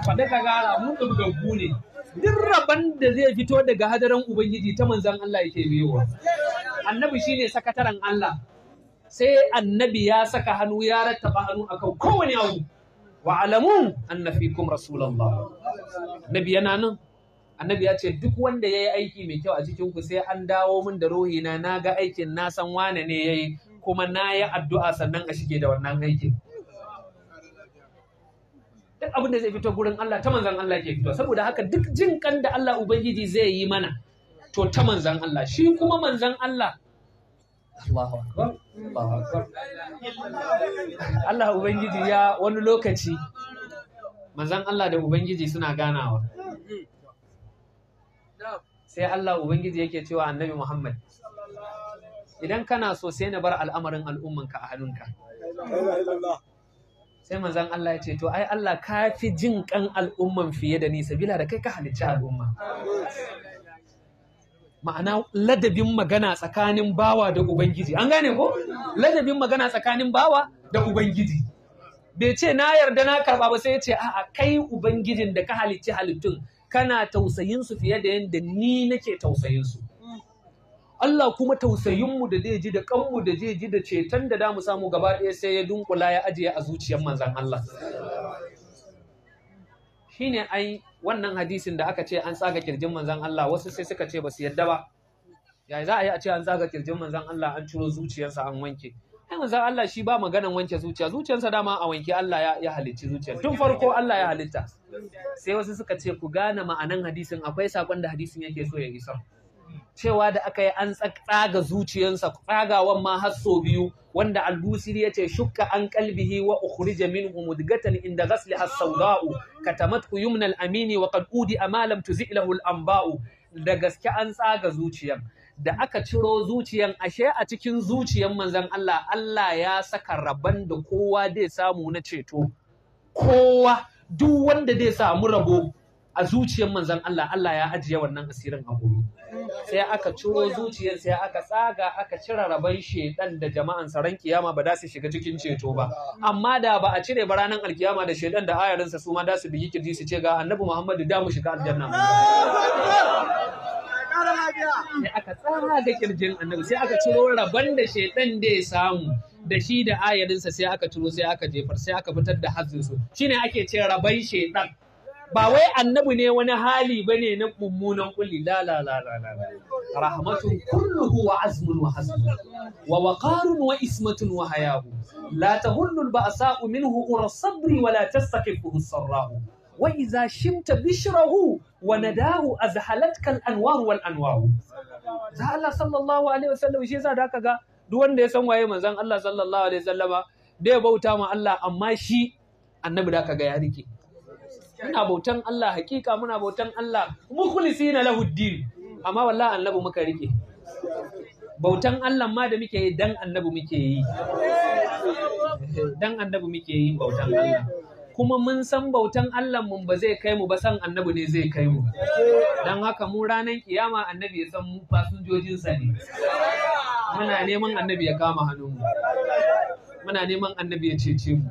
faɗa ka gara mu da ne duk rabon da zai fito daga hadarin ubangiji ta manzan Allah yake biyowa annabi shine sakataren Allah sai annabi ya saka hannu ya rattaba hannu akan kowane abu wa alamu anna kuma rasulallah. nabi yana nan annabi ya ce duk wanda ya yi aiki mai kyau a cikin ku sai an dawo min da ruhina na ga aikin na san wane ne ya yi kuma na yi addu'a sannan a shige da wannan aikin duk abin da zai fito gurin Allah ta manzan Allah ke fito saboda haka duk jin kan da Allah ubangiji zai yi mana to ta manzan Allah shi kuma manzan Allah Allah ubangiji ya wani lokaci manzan Allah da ubangiji suna ganawa sai Allah Ubangiji yake cewa annabi Muhammad idan kana so sai na bar al'amarin al'ummanka a hannunka sai manzan Allah yace to ai Allah ka fi jin kan al'umman fiye da ni sabila da kai ka halicci al'umma ma'ana ladabin magana tsakanin bawa da ubangiji an gane ko ladabin magana tsakanin bawa da ubangiji bai ce na yarda na karba ba sai ya ce a'a kai ubangijin da ka halicci halittun kana tausayin su fiye da yadda ni nake tausayin su mm. Allah kuma tausayinmu da zai ji da mu da zai ji da ceton da damu samu gaba ɗaya sai ya dunkula ya ajiye a zuciyar manzan Allah shine ai wannan hadisin da aka ce an tsaga kirjin manzan Allah wasu sai suka ce ba su yadda ba yayi za a yi a ce an tsaga kirjin manzan Allah an ciro zuciyarsa an wanke ai manzon Allah shi ba maganan wanke zuciya zuciyarsa dama a wanke Allah ya halicci zuciya tun farko Allah ya halitta sai wasu suka ce ku gane ma'anan hadisin akwai sakon da hadisin yake so ya isa cewa da aka yi an tsaga zuciyarsa tsagawan ma har so biyu wanda albusiri ya ce shukka an kalbihi wa ukhrija minhu mudgatan inda ghasli as-sawda'u katamat yumnal amini wa qad udi amalam tuzilahu al-anba'u da gaske an tsaga zuciyar da aka ciro zuciyan ashe a cikin zuciyan manzan Allah Allah ya saka rabon da kowa zai samu na ceto kowa duk wanda zai samu rabo a zuciyan manzan Allah Allah ya ajiye wannan asirin a gobe sai aka ciro zuciyar sai aka tsaga aka cire rabon shedan da jama'an saran kiyama ba za su shiga cikin ceto ba amma da ba a cire ba ranar alkiyama da shedan da ayarinsa su ma za su bi kirji su ce ga annabi Muhammadu da mu shiga aljanna sai aka tsara da kirjin annabi sai aka ciro rabon da shedan da ya samu da shi da ayarinsa sai aka ciro sai aka jefar sai aka fitar da hazinsu shine ake ce raban shedan ba wai annabi ne wani hali ba ne na mummunan kulli la la la la la rahmatun kulluhu wa azmun wa hasbun wa waqarun wa ismatun wa hayahu la tahullu al ba'sa'u minhu ur sabri wa la tastaqifuhu sarrahu wa idza shimta bishrahu wa nadahu azhalatkal anwaru wal anwaru za Allah sallallahu alaihi wasallam shi yasa da aka ga duk wanda ya san waye manzon Allah sallallahu alaihi wasallama da ya bauta ma Allah amma shi annabi da aka ga ya rike muna bautan Allah hakika muna bautan Allah mukhlisina lahu din amma wallahi annabi muka rike bautan Allah ma da muke yi dan annabi muke yi dan annabi muke yi bautan Allah kuma mun san bautan Allah mun ba zai kai mu ba san annabi ne zai kai mu dan haka mu ranar kiyama annabi ya san mu fasinjojinsa ne muna neman annabi ya kama hannun mu muna neman annabi ya cece mu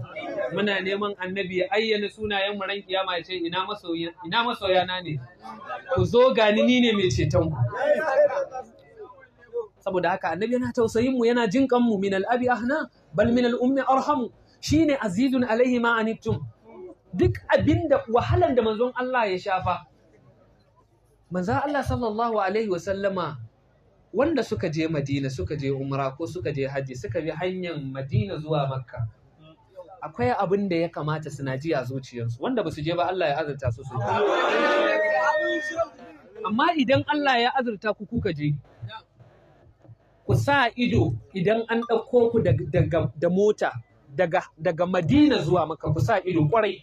muna neman annabi ya ayyana sunayen mu ran kiyama ya ce ina masoya ina masoya na ne ku zo gani ni ne mai ceton ku saboda haka annabi yana tausayin mu yana jinkan mu min al-abi ahna bal min al-ummi arhamu shine azizun alaihi ma anittum duk abinda wahalan da manzon Allah ya shafa manzon Allah sallallahu alaihi wa sallama. wanda suka je Madina suka je Umra ko suka je Hajji suka bi hanyar Madina zuwa Makka akwai abin da ya kamata suna ji a zuciyarsu wanda ba su je ba Allah ya azurta su su amma idan Allah ya azurta ku kuka je ku sa ido idan an ɗauko ku da mota daga Madina zuwa maka ku sa ido kwarai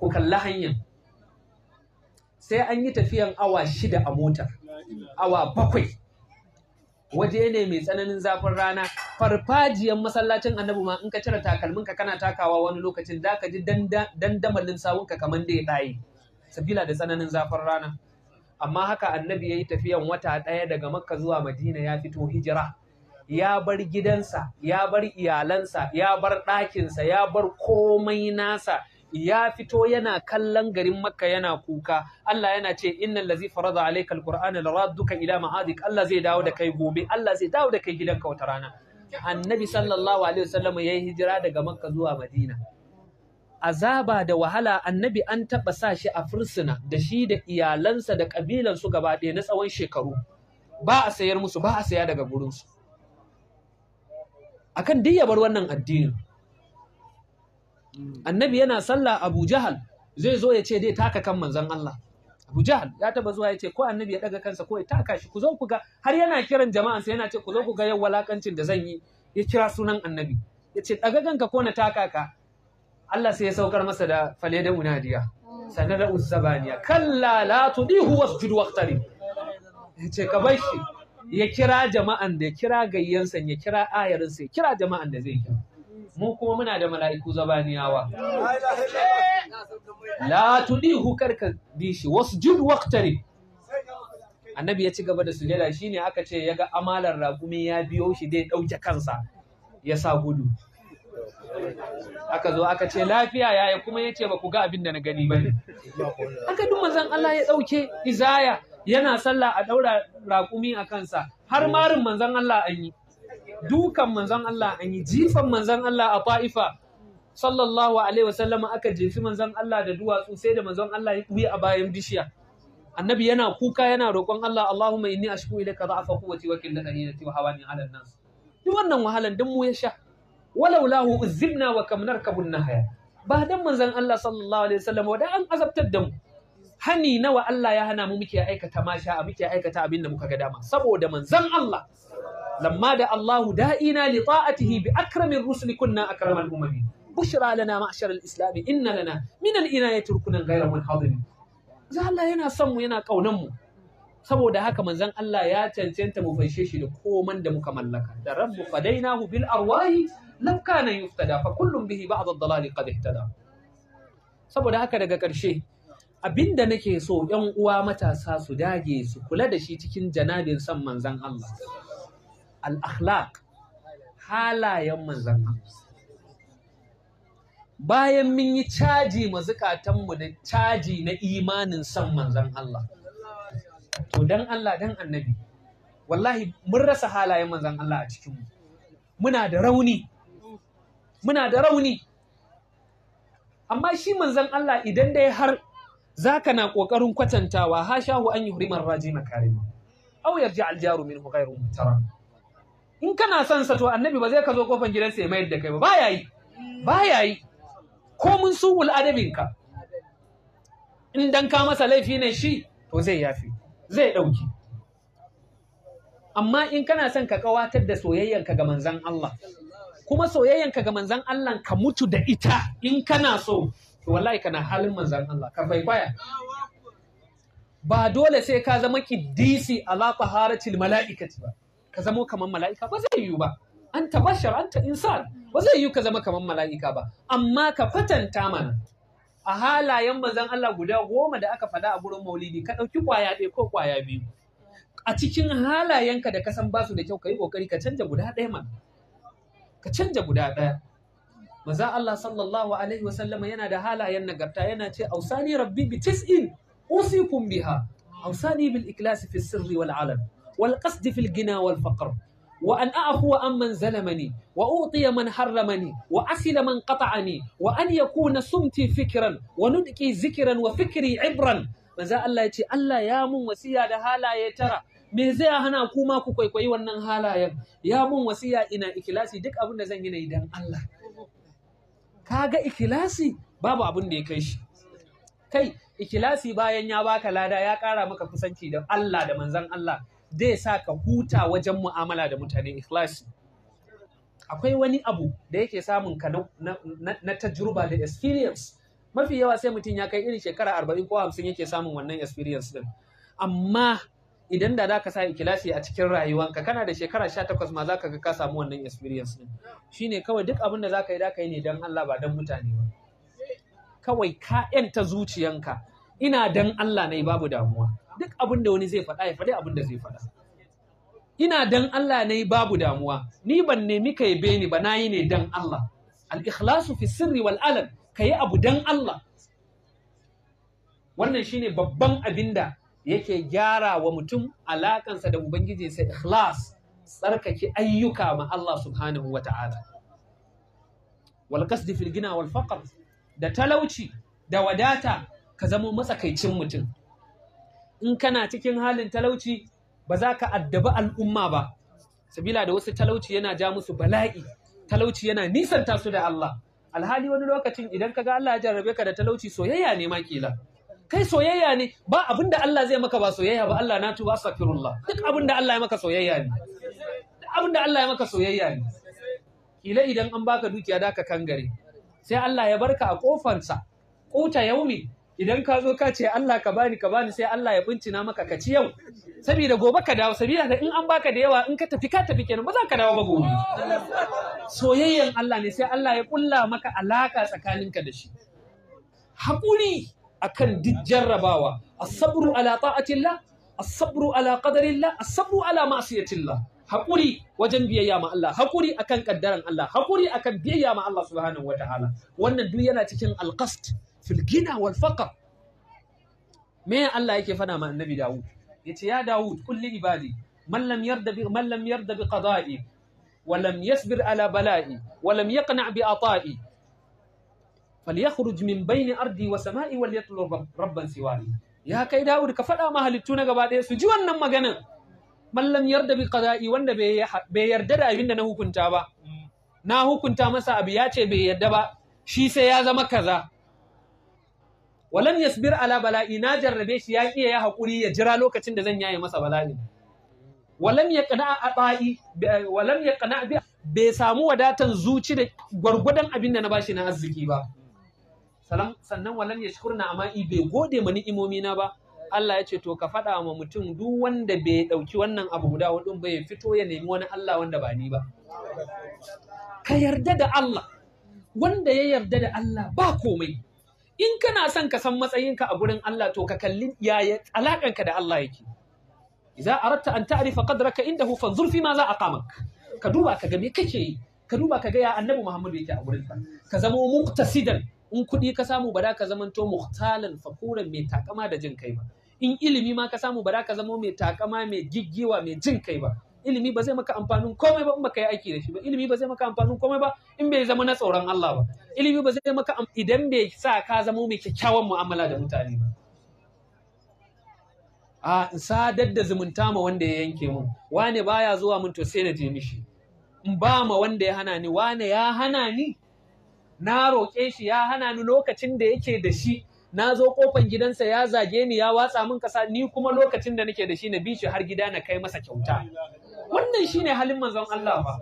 ku kalla hanyar sai an yi tafiyan awa shida a motar awa bakwai waje ne mai tsananin zafin rana farfajiyar masallacin annabi ma in ka cire takalminka kana takawa wani lokacin da ka ji dandamalin sawunka kamar da ya ɗaye sabila da tsananin zafin rana amma haka annabi ya yi tafiyan wata ɗaya daga makka zuwa madina ya fito hijira ya bar gidansa ya bar iyalansa ya bar ɗakinsa ya bar komai nasa ya fito yana kallon garin makka yana kuka Allah yana ce innal ladzi farada alaykal qur'ana laradduka ila ma'adik Allah zai dawo da kai gobe Allah zai dawo da kai gidanka wata rana annabi sallallahu alaihi wasallam yayi hijira daga makka zuwa madina azaba da wahala annabi an taɓa sa shi a fursuna da shi da iyalansa da ƙabilansu gaba ɗaya na tsawon shekaru ba a sayar musu ba a saya daga gurinsu akan duk ya bar wannan addinin annabi yana sallah abu jahal zai zo ya ce dai taka kan manzan Allah abu jahal ya taba zuwa ya ce ko annabi ya daga kansa ko ya taka shi ku zo ku ga har yana kiran jama'an jama'ansa yana ce ku zo ku ga yau walakancin da zan yi ya kira sunan annabi ya ce daga ganka ko na taka ka Allah sai ya saukar masa da fale da munadiya sanar da uzzabaniya kalla la tudihu wasjud waqtari ya ce ka bar shi ya kira jama'an da ya kira gayyansa ya kira ayarinsa ya kira jama'an da zai kira mu kuma muna da mala'iku zabaniyawa la bi shi, wasu jin waktari annabi ya ci gaba da sujada ne aka ce ya ga amalar ragumi ya biyo shi dai ɗauke kansa ya sa gudu aka zo aka ce lafiya ya yi kuma ya ce ba ku ga abin da na gani ba ne aka duk mazan Allah ya ɗauke izaya yana sallah a ɗaura raƙumi a kansa har marin manzan Allah an yi dukan manzon Allah an yi jifan manzon Allah a fa'ifa sallallahu alaihi wasallam aka jefi manzon Allah da duwatsu sai da manzon Allah ya kuyi a bayan bishiya annabi yana kuka yana roƙon Allah Allahumma inni ashku ilayka da'afa quwwati wa qillatati wa hawani 'ala an-nas duk wannan wahalan dan mu ya sha walau lahu uzibna wa kam narkabun nahaya ba dan manzon Allah sallallahu alaihi wasallam wa da an azabtar da mu hani nawa Allah ya hana mu muke aikata masha muke aikata abin da muka ga dama saboda manzon Allah lamma da Allahu da'ina li ta'atihi bi akramin rusuli kunna akramal umami bushra lana ma'shar al-islam inna ya min al-inayati rukunan ghayra munhadin za Allah yana son mu yana kaunan mu saboda haka manzon Allah ya cancanta mu fanshe shi da koman da muka mallaka da rabbu fadainahu bil arwahi lam kana yuftada fa kullum bihi ba'd ad-dalali qad ihtada saboda haka daga ƙarshe abinda nake so ‘yan uwa matasa su dage su kula da shi cikin janabin san manzan Allah al-akhlaq halayen manzan bayan mun yi caji ma zukatanmu da caji na imanin san manzan Allah to dan Allah dan annabi wallahi mun rasa halayen manzan Allah a cikinmu muna da rauni muna da rauni amma shi manzan Allah idan dai har zaka na kokarin kwatantawa ha shahu an yuhrimar rajima karima aw yarji aljaru minhu ghayru mutaram in kana son sa to annabi ba zai ka zo kofar gidansa ya mayar da kai ba baya yi baya yi ko mun adabin ka. in dan ka masa laifi ne shi to zai yafi zai ɗauki amma in kana son ka kawatar da ka ga manzan Allah kuma soyayyanka ga manzan Allah ka mutu da ita in kana so to wallahi kana halin manzan Allah ka baya ba dole sai ka zama kiddisi ala taharatil mala'ikati ba ka zamo kamar mala'ika ba zai yiwu ba anta bashar anta insan ba zai yiwu ka zama kamar mala'ika ba amma ka fatanta mana a halayen mazan Allah guda goma da aka faɗa a gurin maulidi ka ɗauki kwaya ɗaya ko kwaya biyu a cikin halayenka da ka san basu da kyau ka yi ƙoƙari ka canja guda ɗaya mana ka canja guda ɗaya maza Allah sallallahu alaihi wasallam yana da halayen nagarta yana ce ausani rabbi bi tis'in usikum biha ausani bil ikhlasi fi sirri wal alam wal qasd fil gina wal faqr wa an a'fu amman zalamani wa utiya man harramani wa asila man qata'ani wa an yakuna sumti fikiran, wa nudki zikiran, wa fikri ibran manzo Allah yace Allah ya mun wasiya da halaye tara me zai hana kuma ku kwaikwayi wannan halayen ya mun wasiya ina ikilasi duk abin da zan yi na idan Allah kaga ikilasi babu abin da ya kai shi kai ikilasi bayan ya baka lada ya kara maka kusanci da Allah da manzon Allah zai sa ka huta wajen mu'amala da mutane ikhlasi akwai wani abu da yake samun ka na, tajruba da experience mafi yawa sai mutum ya kai irin shekara arba'in ko hamsin yake samun wannan experience din amma idan da za ka sa ikilasi a cikin rayuwanka kana da shekara sha takwas ma za ka ga ka samu wannan experience din shine kawai duk abin da za ka yi za ka yi ne don Allah ba don mutane ba kawai ka ta zuciyanka ina don Allah ne babu damuwa duk abin da wani zai faɗa ya faɗi abin da zai faɗa ina dan Allah na yi babu damuwa ni ban nemi ka yabe beni ba na yi ne dan Allah al-ikhlasu fi sirri wal Ka yi abu dan Allah wannan shi ne babban abin da yake gyara wa mutum alaƙansa da ubangiji sai ikhlas tsarkake ayyuka ma Allah subhanahu wa ta'ala wal fil gina wal da talauci da wadata ka zama matsakaicin mutum in kana cikin halin talauci ba za ka addabi al'umma ba sabila da wasu talauci yana ja musu bala'i talauci yana nisanta su da Allah alhali wani lokacin idan ka ga Allah ya jarrabe ka da talauci soyayya ne ma kila kai soyayya ne ba abin da Allah zai maka ba soyayya ba Allah na tuba astaghfirullah duk abin da Allah ya maka soyayya ne duk abin da Allah ya maka soyayya ne kila idan an baka dukiya da ka kangare sai Allah ya barka a kofansa ƙuta yaumi idan ka zo ka ce Allah ka bani ka bani sai Allah ya bincina maka ka ci yau saboda gobe ka dawo saboda in an baka da yawa in ka tafi ka tafi kenan ba za ka dawo ba gobe soyayyen Allah ne sai Allah ya kulla maka alaka tsakaninka da shi haƙuri akan duk jarrabawa as-sabru ala ta'atillah as-sabru ala qadarillah as-sabru ala ma'siyatillah haƙuri wajen biyayya ma Allah haƙuri akan kaddaran Allah haƙuri akan biyayya ma Allah subhanahu wataala wannan duk yana cikin al fil walfaka wal me Allah yake faɗa ma annabi Dawud yace ya Dawud kulli ibadi man lam yarda bi man lam yarda bi qada'i wa lam yasbir ala bala'i wa lam yaqna' bi ata'i falyakhruj min bayni ardi wa sama'i wal yatlub rabban siwani ya kai Dawud ka faɗa ma halittu na gaba su ji wannan maganan man lam yarda bi qada'i wanda bai yarda da abin da na hukunta ba na hukunta masa abu ya ce bai yarda ba shi sai ya zama kaza walam yasbir ala bala'i na jarrabe shi ya iya ya hakuri ya jira lokacin da zan yaye masa bala'i walam ya qana abai walam ya qana bi bai samu wadatan zuci da gwargwadon abin da na bashi na arziki ba Salam. sannan walam ya shukurna ama'i bai gode ma ni'imomi na ba Allah ya ce to ka faɗa ma mutum duk wanda bai ɗauki wannan abu guda ba bai fito ya nemi wani Allah wanda ba ni ba ka yarda da Allah wanda ya yarda da Allah ba komai in kana son ka san matsayinka a gurin Allah to ka kalli yaya alakanka da Allah yake idza aratta an ta'rifa qadraka indahu fanzur fi ma za aqamak ka duba ka ga me kake yi ka duba ka ga ya annabi Muhammadu yake a gurin sa ka zama muqtasidan in kuɗi ka samu ba za ka zamanto muhtalan fakuran mai takama da jin kai ba in ilimi ma ka samu ba za ka zama mai takama mai giggiwa mai jin kai ba ilimi ba zai maka amfanin komai ba in baka yi aiki da shi ba ilimi ba zai maka amfanin komai ba in bai zama na tsoron Allah ba ilimi ba zai maka idan bai sa ka zama mai kyakkyawan mu'amala da mutane ba a in sadar da zumunta ma wanda ya yanke mu wane baya zuwa mun to sai na je mishi in ba ma wanda ya hana ni wane ya hana ni na roƙe shi ya hana ni lokacin da yake da shi na zo kofan gidansa ya zage ni ya watsa min kasa ni kuma lokacin da nake da shi na bi shi har gida na kai masa kyauta wannan shine halin manzon Allah ba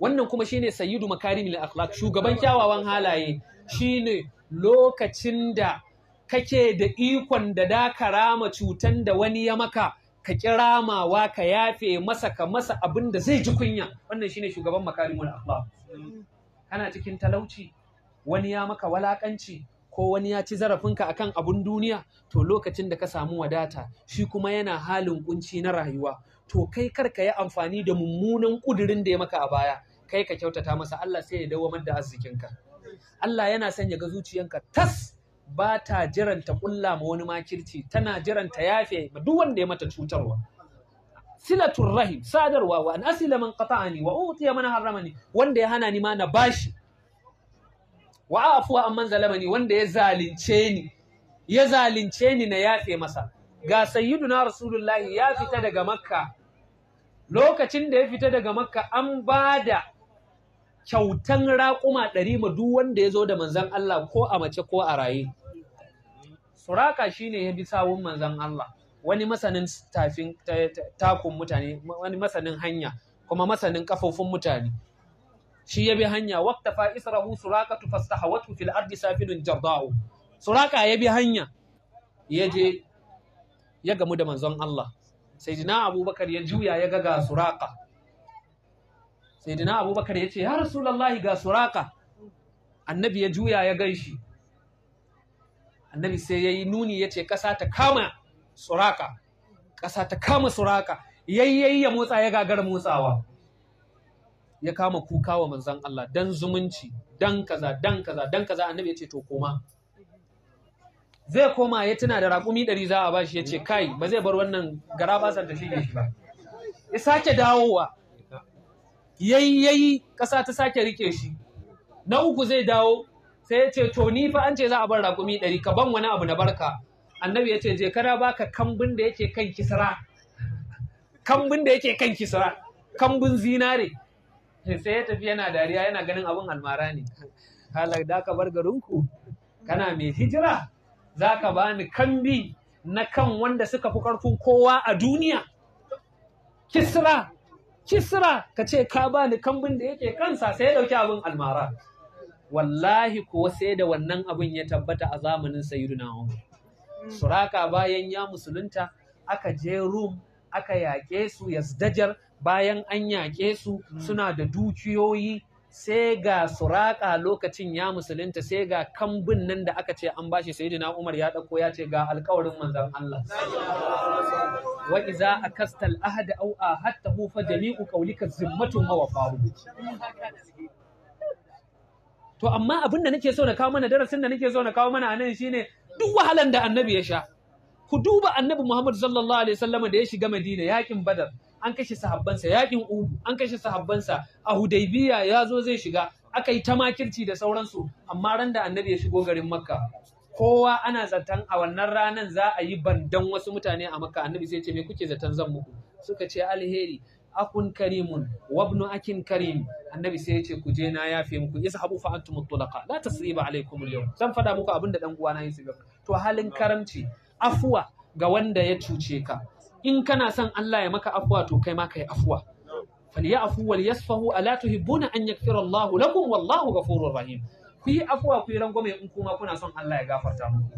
wannan kuma shine sayyidu makarimil akhlaq shugaban kyawawan halaye shine lokacin da kake da ikon da da karama cutan da wani ya maka ka kiramawa ka yafe masa ka masa abin da zai ji kunya wannan shine shugaban makarimul akhlaq kana cikin talauci wani ya maka walakanci ko wani ya ci zarafinka kan abun duniya to lokacin da ka samu wadata shi kuma yana halin kunci na rayuwa to kai kar ka yi amfani da mummunan kudirin da ya maka a baya kai ka kyautata masa Allah sai ya dawamar da arzikinka Allah yana son ya ga zuciyanka tas ba ta jiranta kulla ma wani makirci tana jiranta yafe ma duk wanda ya mata cutarwa silatul rahim sadarwa wa an asila man qata'ani wa utiya man harramani wanda ya hana ni ma na bashi wa afuwa amman zalamani wanda ya zalunce ni ya zalince ni na yafe masa ga sayyiduna rasulullahi ya fita daga makka lokacin da ya fita daga makka an ba da kyautan raƙuma ɗari ma duk wanda ya zo da manzan Allah ko a mace ko a raye suraka shine ya bi sawun manzan Allah wani masanin tafin takun mutane wani masanin hanya kuma masanin kafofin mutane shi ya bi hanya waqtafa israhu suraqatu fastahawatu fil ardi safilun jardau suraka ya bi hanya ya je ya gamu da manzon Allah sayyidina abubakar ya juya ya ga ga suraka sayyidina abubakar ya ce ya rasulullahi ga suraka annabi ya juya ya ganshi annabi sai yayi nuni ya ce kasa ta kama suraka kasa ta kama suraka yayyayi ya motsa ya gagara motsawa ya kama kuka wa manzan Allah dan zumunci dan kaza dan kaza dan kaza annabi ya ce to koma zai koma ya tuna da raƙumi ɗari za a bashi ya ce kai ba zai bar wannan gara ba da shi ne. ba ya sake dawowa Ya yi ƙasa ta sake rike shi na uku zai dawo sai ya ce to ni fa an ce za a bar raƙumi ɗari ka ban wani abu na barka annabi ya ce je kana baka kambun da yake kan kisra kambun da yake kan kisra kambun zinare (laughs) sai ya tafi yana dariya yana ganin abin almara ne halar da ka bar garinku kana mai hijira za ka bani kambi na kan wanda suka fi ƙarfin kowa a duniya kisra kisra ka ce ka bani kambin da yake kansa sai ya ɗauki abin almara wallahi kuwa sai da wannan abin ya tabbata a zamanin sayyiduna umar suraka bayan ya musulunta aka je rum aka yaƙe su yasdajar bayan an yaƙe su hmm. suna da dukiyoyi sai ga suraka lokacin ya musulunta sai ga kambun nan da aka ce an bashi sai sayyidina Umar ya ɗauko ya ce ga alkawarin manzan Allah wa iza akastal ahad aw ahadtahu hufa jami'u qawlika zimmatun hawa faru to amma abin da nake so na kawo mana darasin da nake so na kawo mana anan shine duk wahalan da annabi ya sha ku duba annabi Muhammad sallallahu alaihi wasallam da ya shiga Madina yakin Badar an kashe sahabbansa yakin Uhud an kashe sahabbansa a Hudaybiya ya zo zai shiga aka yi ta makirci da sauransu amma ran da annabi ya shigo garin Makka kowa ana zaton a wannan ranan za a yi bandan wasu mutane a Makka annabi sai ce me kuke zaton zan muku suka ce alheri akun karimun wabnu akin karim annabi sai ya ce ku je na yafe muku isa habu fa antum mutlaqa la tasriba alaikum al zan fada muku abinda da dan uwana yake to halin karamci afuwa ga wanda ya cuce ka in kana son Allah ya maka afuwa to kai ma kai afuwa falyafu wal yasfahu ala tuhibbuna an yaghfira Allah lakum wallahu ghafurur rahim ku yi afuwa ku yi rangwame in kuma kuna son Allah ya gafarta muku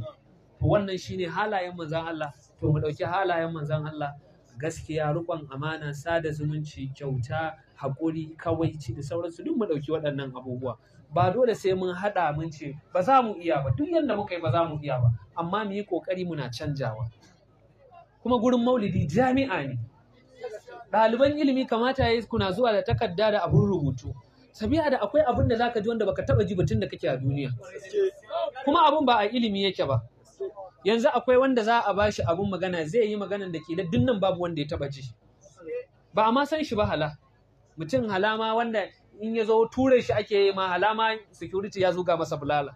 to wannan shine halayen manzon Allah to mu dauki halayen manzon Allah gaskiya rukun amana sada zumunci kyauta haƙuri ci da sauransu duk mu ɗauki waɗannan abubuwa ba dole sai mun haɗa mun ce ba za mu iya ba duk yadda muka yi ba za mu iya ba amma mu yi ƙoƙari muna canjawa kuma gurin maulidi jami'a ne ɗaliban ilimi kamata ya yi kuna zuwa da takarda da abun rubutu sabiya da akwai abin da za ka ji wanda baka taba ji batun da kake a duniya kuma abun ba a ilimi yake ba yanzu akwai wanda za a bashi abun magana zai yi magana da ke da nan babu wanda ya taba ji ba a ma san shi ba hala mutum halama wanda in ya zo ture shi ake yi ma halama security ya zo ga masa bulala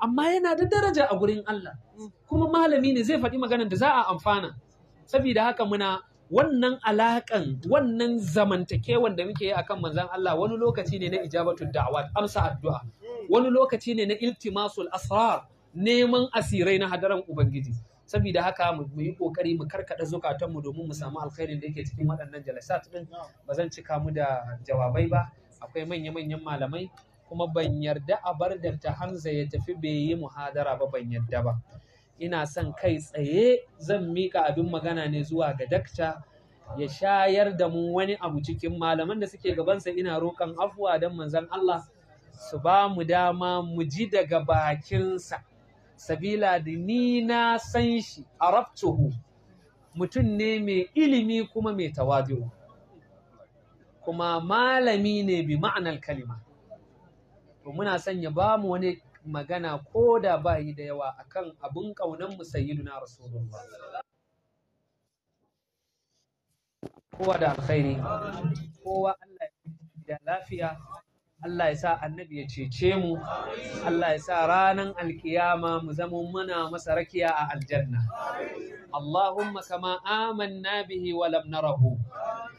amma yana da daraja a gurin Allah kuma malami ne zai faɗi maganar da za a amfana Sabida haka muna wannan alaƙan wannan zamantakewan da muke yi a kan manzan Allah wani lokaci ne na Ijabatu da'awa amsa addu'a wani lokaci ne na iltimasul asrar neman asirai na hadaran ubangiji saboda haka mu yi kokari mu karkaɗa zukatan domin mu samu alkhairin da yake cikin waɗannan jalasat din ba zan cika mu da jawabai ba akwai manya-manyan malamai kuma ban yarda a bar ta Hamza ya tafi bai yi muhadara ba ban yarda ba. Ina son kai tsaye zan mika abin magana ne zuwa ga dakta ya shayar da mu wani abu cikin malaman da suke gabansa ina roƙon afuwa don manzon Allah su ba mu dama mu ji daga bakinsa. Sabila da ni na san shi a mutum ne mai ilimi kuma mai tawadu kuma malami ne bi ma'anar kalima. to muna son ya ba mu wani magana ko da ba yi da yawa akan abin ƙaunan mu sayyiduna rasulullah kowa da alkhairi kowa Allah ya lafiya Allah ya sa annabi ya cece mu Allah ya sa ranan alkiyama mu zama muna masa rakiya a aljanna Allahumma kama amanna bihi wa lam narahu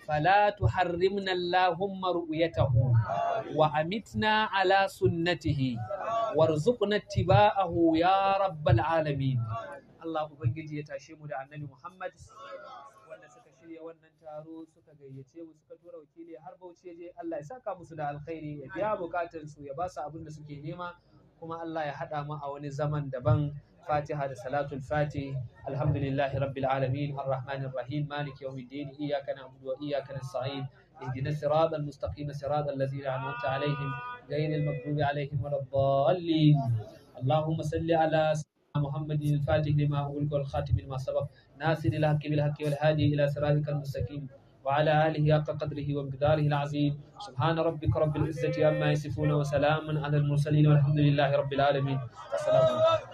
fala tuharrimna Allahumma ru'yatahu wa amitna ala sunnatihi warzuqna ittiba'ahu ya rabbal alamin Allah ubangiji ya tashe mu da annabi Muhammad wannan taro suka gayyace mu suka tura wakili har Bauchi je Allah ya saka musu da alkhairi ya biya bukatun su ya ba su abin da suke nema kuma Allah ya hada mu a wani zaman daban Fatiha da salatul Fati Alhamdulillahi rabbil alamin arrahmanir rahim malik yawmiddin iyyaka na'budu wa iyyaka nasta'in اهدنا الصراط المستقيم صراط الذين انعمت عليهم غير المغضوب عليهم ولا الضالين اللهم صل على محمد الفاتح لما أغلق والخاتم لما سبق ناصر الحق بالحق والهادي إلى صراطك المستقيم وعلى آله حق قدره ومقداره العظيم سبحان ربك رب العزة عما يصفون وسلام على المرسلين والحمد لله رب العالمين السلام عليكم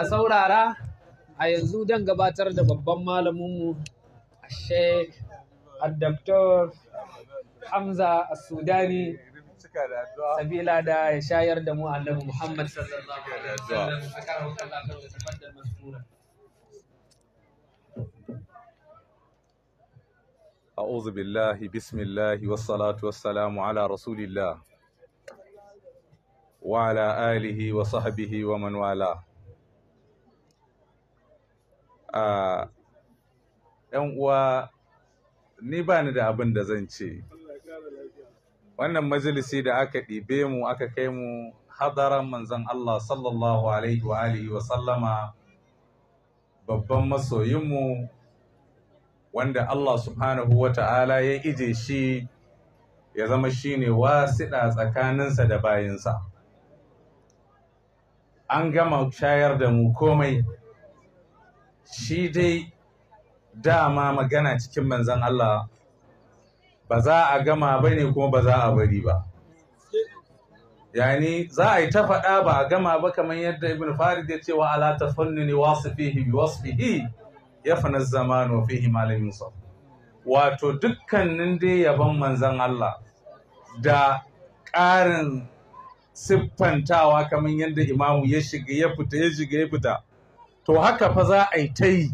a saurara a yanzu don gabatar da الشيخ الدكتور حمزة السوداني sabila da ya shayar da mu annabi Muhammad sallallahu alaihi wasallam zakarahu Allah kan tafaddal masfura أعوذ بالله بسم الله والصلاة والسلام على wa الله ah, ‘Yan uwa, ni ba ni da abin da zan ce, wannan majalisi da aka ɗibe mu aka kai mu hadaran manzan Allah sallallahu alaihi wa alihi wa sallama babban masoyinmu wanda Allah subhanahu wa ta'ala ya ije shi ya zama shi ne wasiɗa tsakaninsa da bayansa. An gama shayar da mu komai, shi dai dama magana cikin manzan Allah ba za a gama ba ne kuma ba za a bari ba yani za a yi ta faɗa ba a gama ba kamar yadda ibn farid ya ce wa ala fannin wasu fihi bi ya fana zamanu fihi malamin yusuf wato dukkanin dai yaban manzan Allah da ƙarin siffantawa kamar yadda imamu ya shiga ya fita ya shiga ya fita to haka fa za a yi ta yi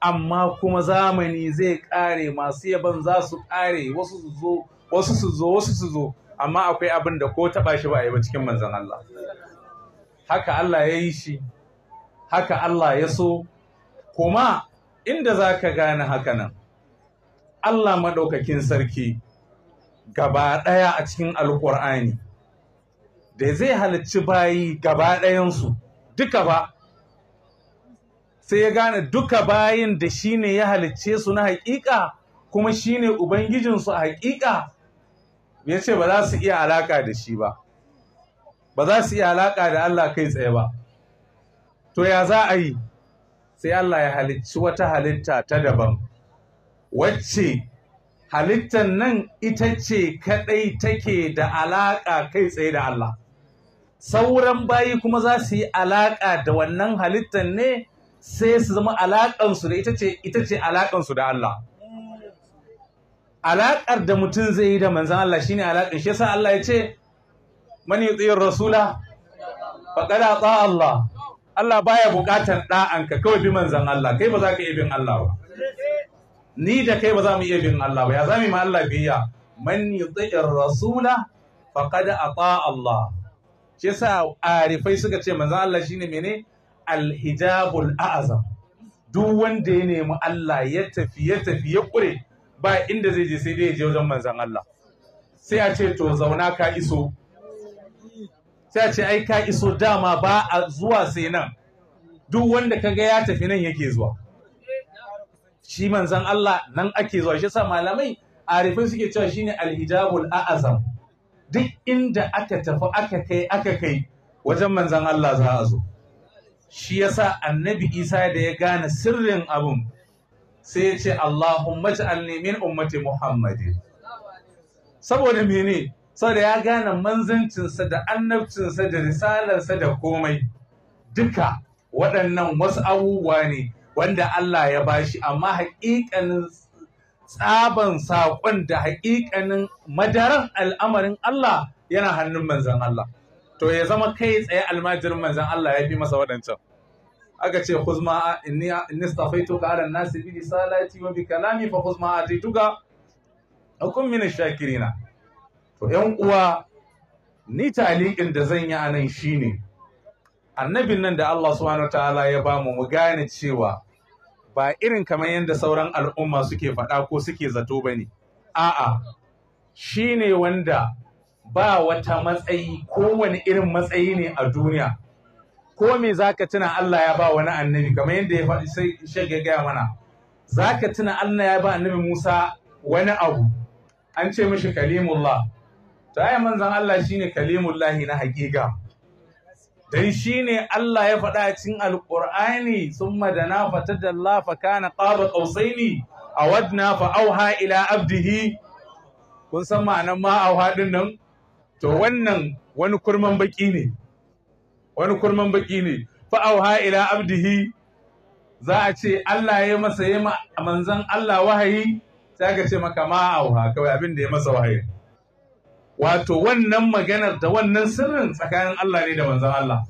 amma kuma zamani zai kare masu yaban za su kare wasu su zo wasu su zo wasu su zo amma akwai abin da ko taba shi ba a yi ba cikin manzan Allah haka Allah ya yi shi haka Allah ya so kuma inda za ka gane haka nan Allah maɗaukakin sarki gaba ɗaya a cikin alƙur'ani da zai halicci bayi gaba ɗayansu duka ba sai ya gane duka bayan da shi ne ya halicce su na haƙiƙa kuma shi ne ubangijinsu a haƙiƙa ya ce ba za su iya alaƙa da shi ba ba za su iya alaƙa da Allah kai tsaye ba to ya za a yi sai Allah ya halicci wata halitta ta daban wacce halittar nan ita ce kaɗai take da alaƙa kai tsaye da Allah sauran bayi kuma za su yi alaƙa da wannan halittar ne sai su zama alaƙansu da ita ce ita ce alaƙansu da Allah alaƙar da mutum zai yi da manzan Allah shine alaƙin shi yasa Allah ya ce mani yuti'ir rasula faɗaɗa ta Allah Allah baya buƙatar ɗa'anka kawai bi manzan Allah kai ba za ka iya bin Allah ba ni da kai ba za mu iya bin Allah ba ya za mu ma Allah biya, man yuti'ir rasula faɗaɗa ta Allah shi yasa arifai suka ce manzan Allah shine mene alhijabul a'azam duk wanda ya nemi Allah ya tafi ya tafi ya kure ba inda zai je sai dai ya je wajen manzon Allah sai a ce to zauna ka iso sai a ce ai ka iso dama ba a zuwa sai nan duk wanda kaga ya tafi nan yake zuwa shi manzon Allah nan ake zuwa shi sa malamai arifin suke cewa shine alhijabul a'azam duk inda aka tafi aka kai aka kai wajen manzon Allah za a zo shi yasa annabi isa da ya gane sirrin abun sai ya ce Allahumma ja'alni min ummati muhammadi saboda mene saboda ya gane manzancinsa da annabcinsa da risalarsa da komai duka waɗannan wasu abubuwa ne wanda Allah ya bashi amma haƙiƙanin tsaban saƙon da haƙiƙanin madarar al'amarin Allah yana hannun manzan Allah to ya zama kai tsaye almajirin manzan Allah ya fi masa waɗancan aka ce khuzma inni inni stafaituka ala nasi bi risalati wa bi kalami fa khuzma hukun mini shakiri na. to 'yan uwa ni talikin da zan yi anan ne. annabin nan da Allah subhanahu ta'ala ya bamu mu gane cewa ba irin kamar yadda sauran al'umma suke faɗa ko suke zato ba ne. a'a shi ne wanda ba wata matsayi kowane irin matsayi ne a duniya ko me zaka tuna Allah ya ba wani annabi kamar yadda ya faɗi sai shege gaya mana zaka tuna Allah ya ba annabi Musa wani abu an ce mishi kalimullah to ai manzon Allah shine kalimullah na hakika dan shine Allah ya faɗa a cikin alqur'ani summa dana fatadalla fa kana qaba qausaini awadna fa auha ila abdihi kun san ma'anan ma auha din nan to wannan wani kurman baki ne wani kurman baki ne fa auha ila abdihi za a ce Allah ya masa ya manzan Allah wahayi sai ka ce maka ma kawai abin da ya masa wahayi wato wannan maganar da wannan sirrin tsakanin Allah ne da manzan Allah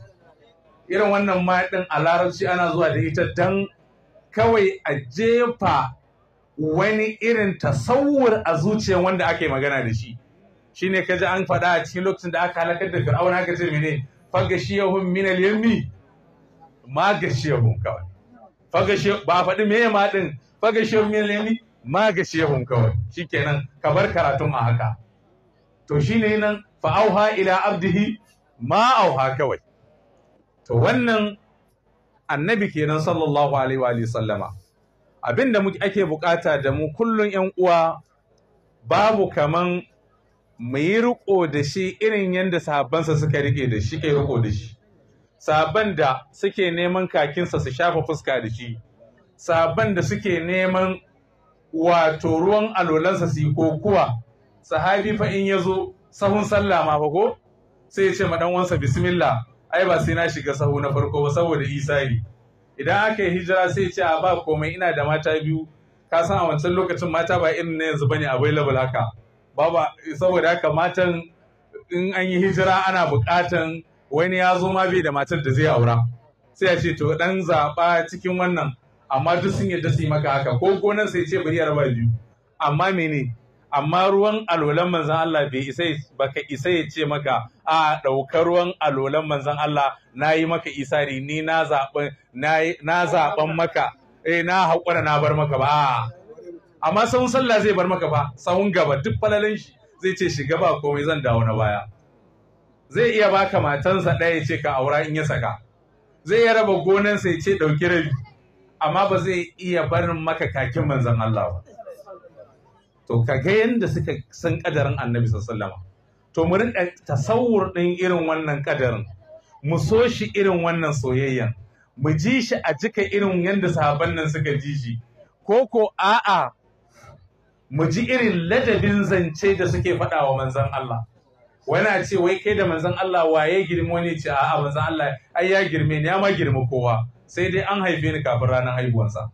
irin wannan ma din a larabci ana zuwa da ita dan kawai a jefa wani irin tasawur a zuciyar wanda ake magana da shi shi shine kaji an faɗa a cikin lokacin da aka halakar da fir'auna aka ce mene fagashiyahum hun minal yammi ma ga shi hun kawai fagashi ba faɗi meye ma din fagashiyahum hun minal yammi ma ga shi hun kawai shi shikenan ka bar karatun a haka to shi ne nan fa auha ila abdihi ma auha kawai to wannan annabi kenan sallallahu alaihi wa sallama abinda ake bukata da mu kullun yan uwa babu kaman mu yi riko da shi irin yadda sahabbansa suka rike da shi ke riko da shi sahabban da suke neman kakinsa su shafa fuska da shi sahabban da suke neman wato ruwan alolansa su yi kokuwa sahabi fa in ya zo sahun sallah ma fa ko sai ya ce ma dan wansa bismillah ai ba sai na shiga sahu na farko ba saboda isa ne idan aka yi hijira sai ce a ba komai ina da mata biyu ka san a wancan lokacin mata ba irin na yanzu bane available haka baba saboda haka matan in an yi hijira ana bukatan wani ya zo ma bai da matar da zai aura sai ya ce to dan zaɓa cikin wannan amma duk sun yadda su yi maka haka ko gonan sai ce bari ya raba biyu amma mene amma ruwan alolan manzan Allah bai isa baka isa ya ce maka a ɗaukar ruwan alolan manzan Allah na yi maka isari ni na zaɓan maka eh na haƙura na bar maka ba amma sahun sallah zai bar maka ba sahun gaba duk falalin shi zai ce shiga ba komai zan dawo na baya zai iya baka matansa ɗaya ce ka aura in ya saka zai iya raba sa ya ce ɗauki rabi amma ba zai iya barin maka kakin manzan Allah ba to ka ga yadda suka san kadarin annabi sallallahu to mu rinka tasawur ɗin irin wannan kadarin mu so shi irin wannan soyayyan mu ji shi a jika irin yanda sahabban nan suka ji shi ko ko a'a mu ji irin ladabin zance da suke faɗa wa manzan Allah wana ce wai kai da manzan Allah waye girma ne ce a'a manzan Allah ai ya girme ni ya ma girme kowa sai dai an haife ni kafin ranar haihuwansa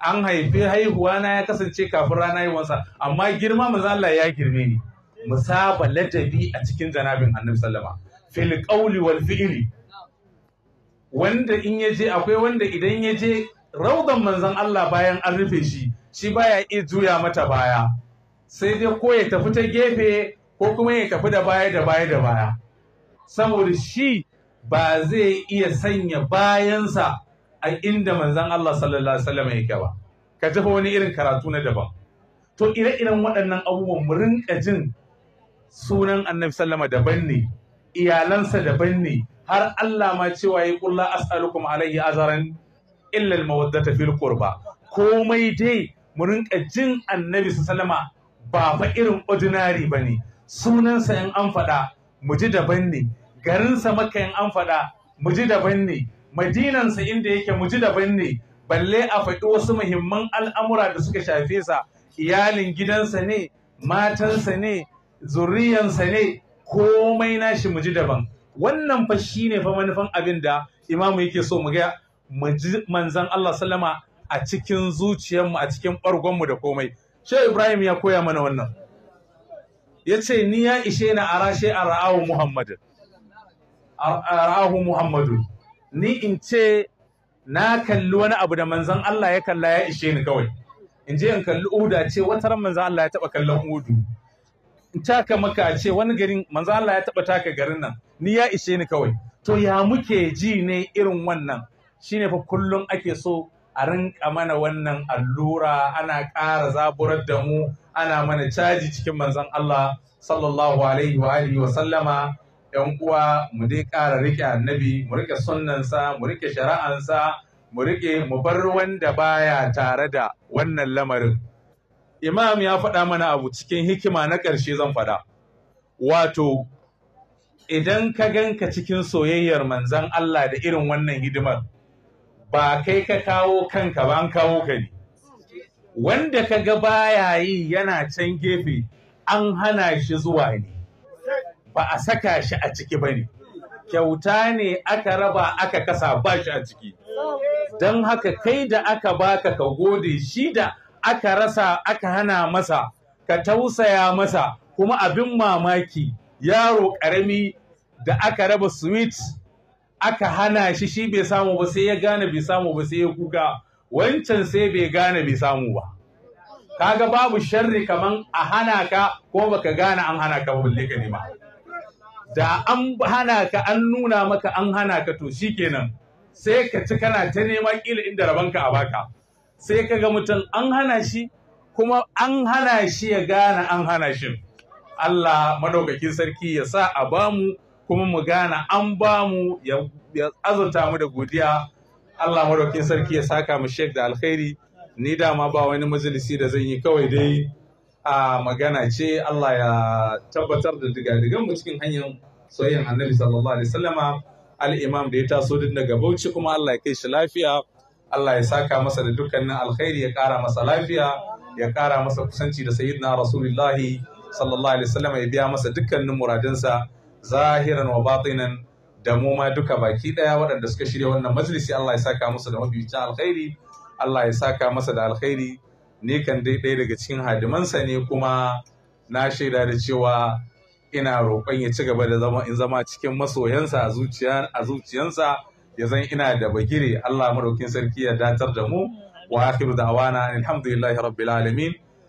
an haife haihuwa na ya kasance kafin ranar haihuwansa amma girma manzan Allah ya girme ni mu saba ladabi a cikin janabin Annabi sallama fil qawli wal fi'li wanda in yaje akwai wanda idan yaje raudan manzan Allah bayan an rufe shi shi baya iya juya mata baya sai dai ko ya tafi ta gefe ko kuma ya tafi da baya da baya da baya saboda shi ba zai iya sanya bayansa a inda manzan Allah sallallahu alaihi wasallam yake ba ka tafi wani irin karatu na daban to ire-iren waɗannan abubuwan mu rinka jin sunan annabi sallama daban ne iyalansa daban ne har Allah ma cewa ya kulla as'alukum alaihi azaran illa almawaddata fil qurba komai dai mu rinka jin annabi salama ba fa irin ordinary ba ne sunansa in an faɗa mu ji daban ne garinsa maka in an faɗa mu ji daban ne madinansa inda yake mu ji daban ne balle a faɗi wasu muhimman al'amura da suka shafe sa iyalin gidansa ne matansa ne zuriyansa ne komai nashi mu ji daban wannan fa shine fa manufan abin da imamu yake so mu ga manzon Allah sallama a cikin zuciyarmu a cikin ɓargonmu da komai Shai ibrahim ya koya mana wannan ya ce ni ya ishe na a rashe a ra'ahu A ra'ahu muhammadu ni in ce na kalli wani abu da manzan Allah ya kalla ya ishe ni kawai in je in kalli Uda ce wata ran manzan Allah ya taɓa kallon Udu. in taka maka ce wani garin manzan Allah ya taɓa taka garin nan ni ya ishe ni kawai to ya muke ji ne irin wannan Shi ne fa kullum ake so a rinka mana wannan allura ana ƙara zaburar da mu ana mana caji cikin manzon Allah sallallahu alaihi wa alihi wa sallama yan uwa mu dai ƙara rike annabi mu rike sunnansa mu rike shari'ansa mu rike mu bar wanda baya tare da wannan lamarin imam ya faɗa mana abu cikin hikima na ƙarshe zan faɗa wato idan ka ganka cikin soyayyar manzan Allah da irin wannan hidimar ba kai ka kawo kanka ba an kawo ka ne wanda ka ga baya yi yana can gefe an hana shi zuwa ne ba a saka shi a ciki ba ne kyauta ne aka raba aka kasa ba shi a ciki don haka kai da aka baka ka gode shi da aka rasa aka hana masa ka tausaya masa kuma abin mamaki yaro ƙarami da aka raba sweet aka hana shi shi bai samu ba sai ya gane bai samu ba sai ya kuka wancan sai bai gane bai samu ba kaga babu sharri kaman a hana ka ko baka gane an hana ka balle ka ba da an hana ka an nuna maka an hana ka to shikenan sai ka ci kana ta neman ila inda ka a baka sai ka ga mutum an hana shi kuma an hana shi ya gane an hana shi Allah madaukakin sarki ya sa a bamu kuma mu gane an ba mu ya azurta mu da godiya Allah madaukin sarki ya saka mu shek da alkhairi ni dama ba wani majalisi da zan yi kawai dai a magana ce Allah ya tabbatar da digadigan mu cikin hanyar soyayyar annabi sallallahu alaihi wasallama al-imam da ya taso din daga Bauchi kuma Allah ya kai shi lafiya Allah ya saka masa da dukkanin alkhairi ya kara masa lafiya ya kara masa kusanci da sayyidina rasulullahi sallallahu alaihi wasallama ya biya masa dukkanin muradinsa zahiran wa batinan da mu ma duka baki daya waɗanda suka shirya wannan majalisi Allah ya saka musu da mafificin alkhairi Allah ya saka masa da alkhairi ni kan dai ɗaya daga cikin hadimansa ne kuma na shaida da cewa ina roƙon ya ci gaba da zama in zama cikin masoyansa a zuciyansa ya zan ina da bagire Allah madaukin sarki ya datar da mu wa akhiru da'wana alhamdulillahi rabbil alamin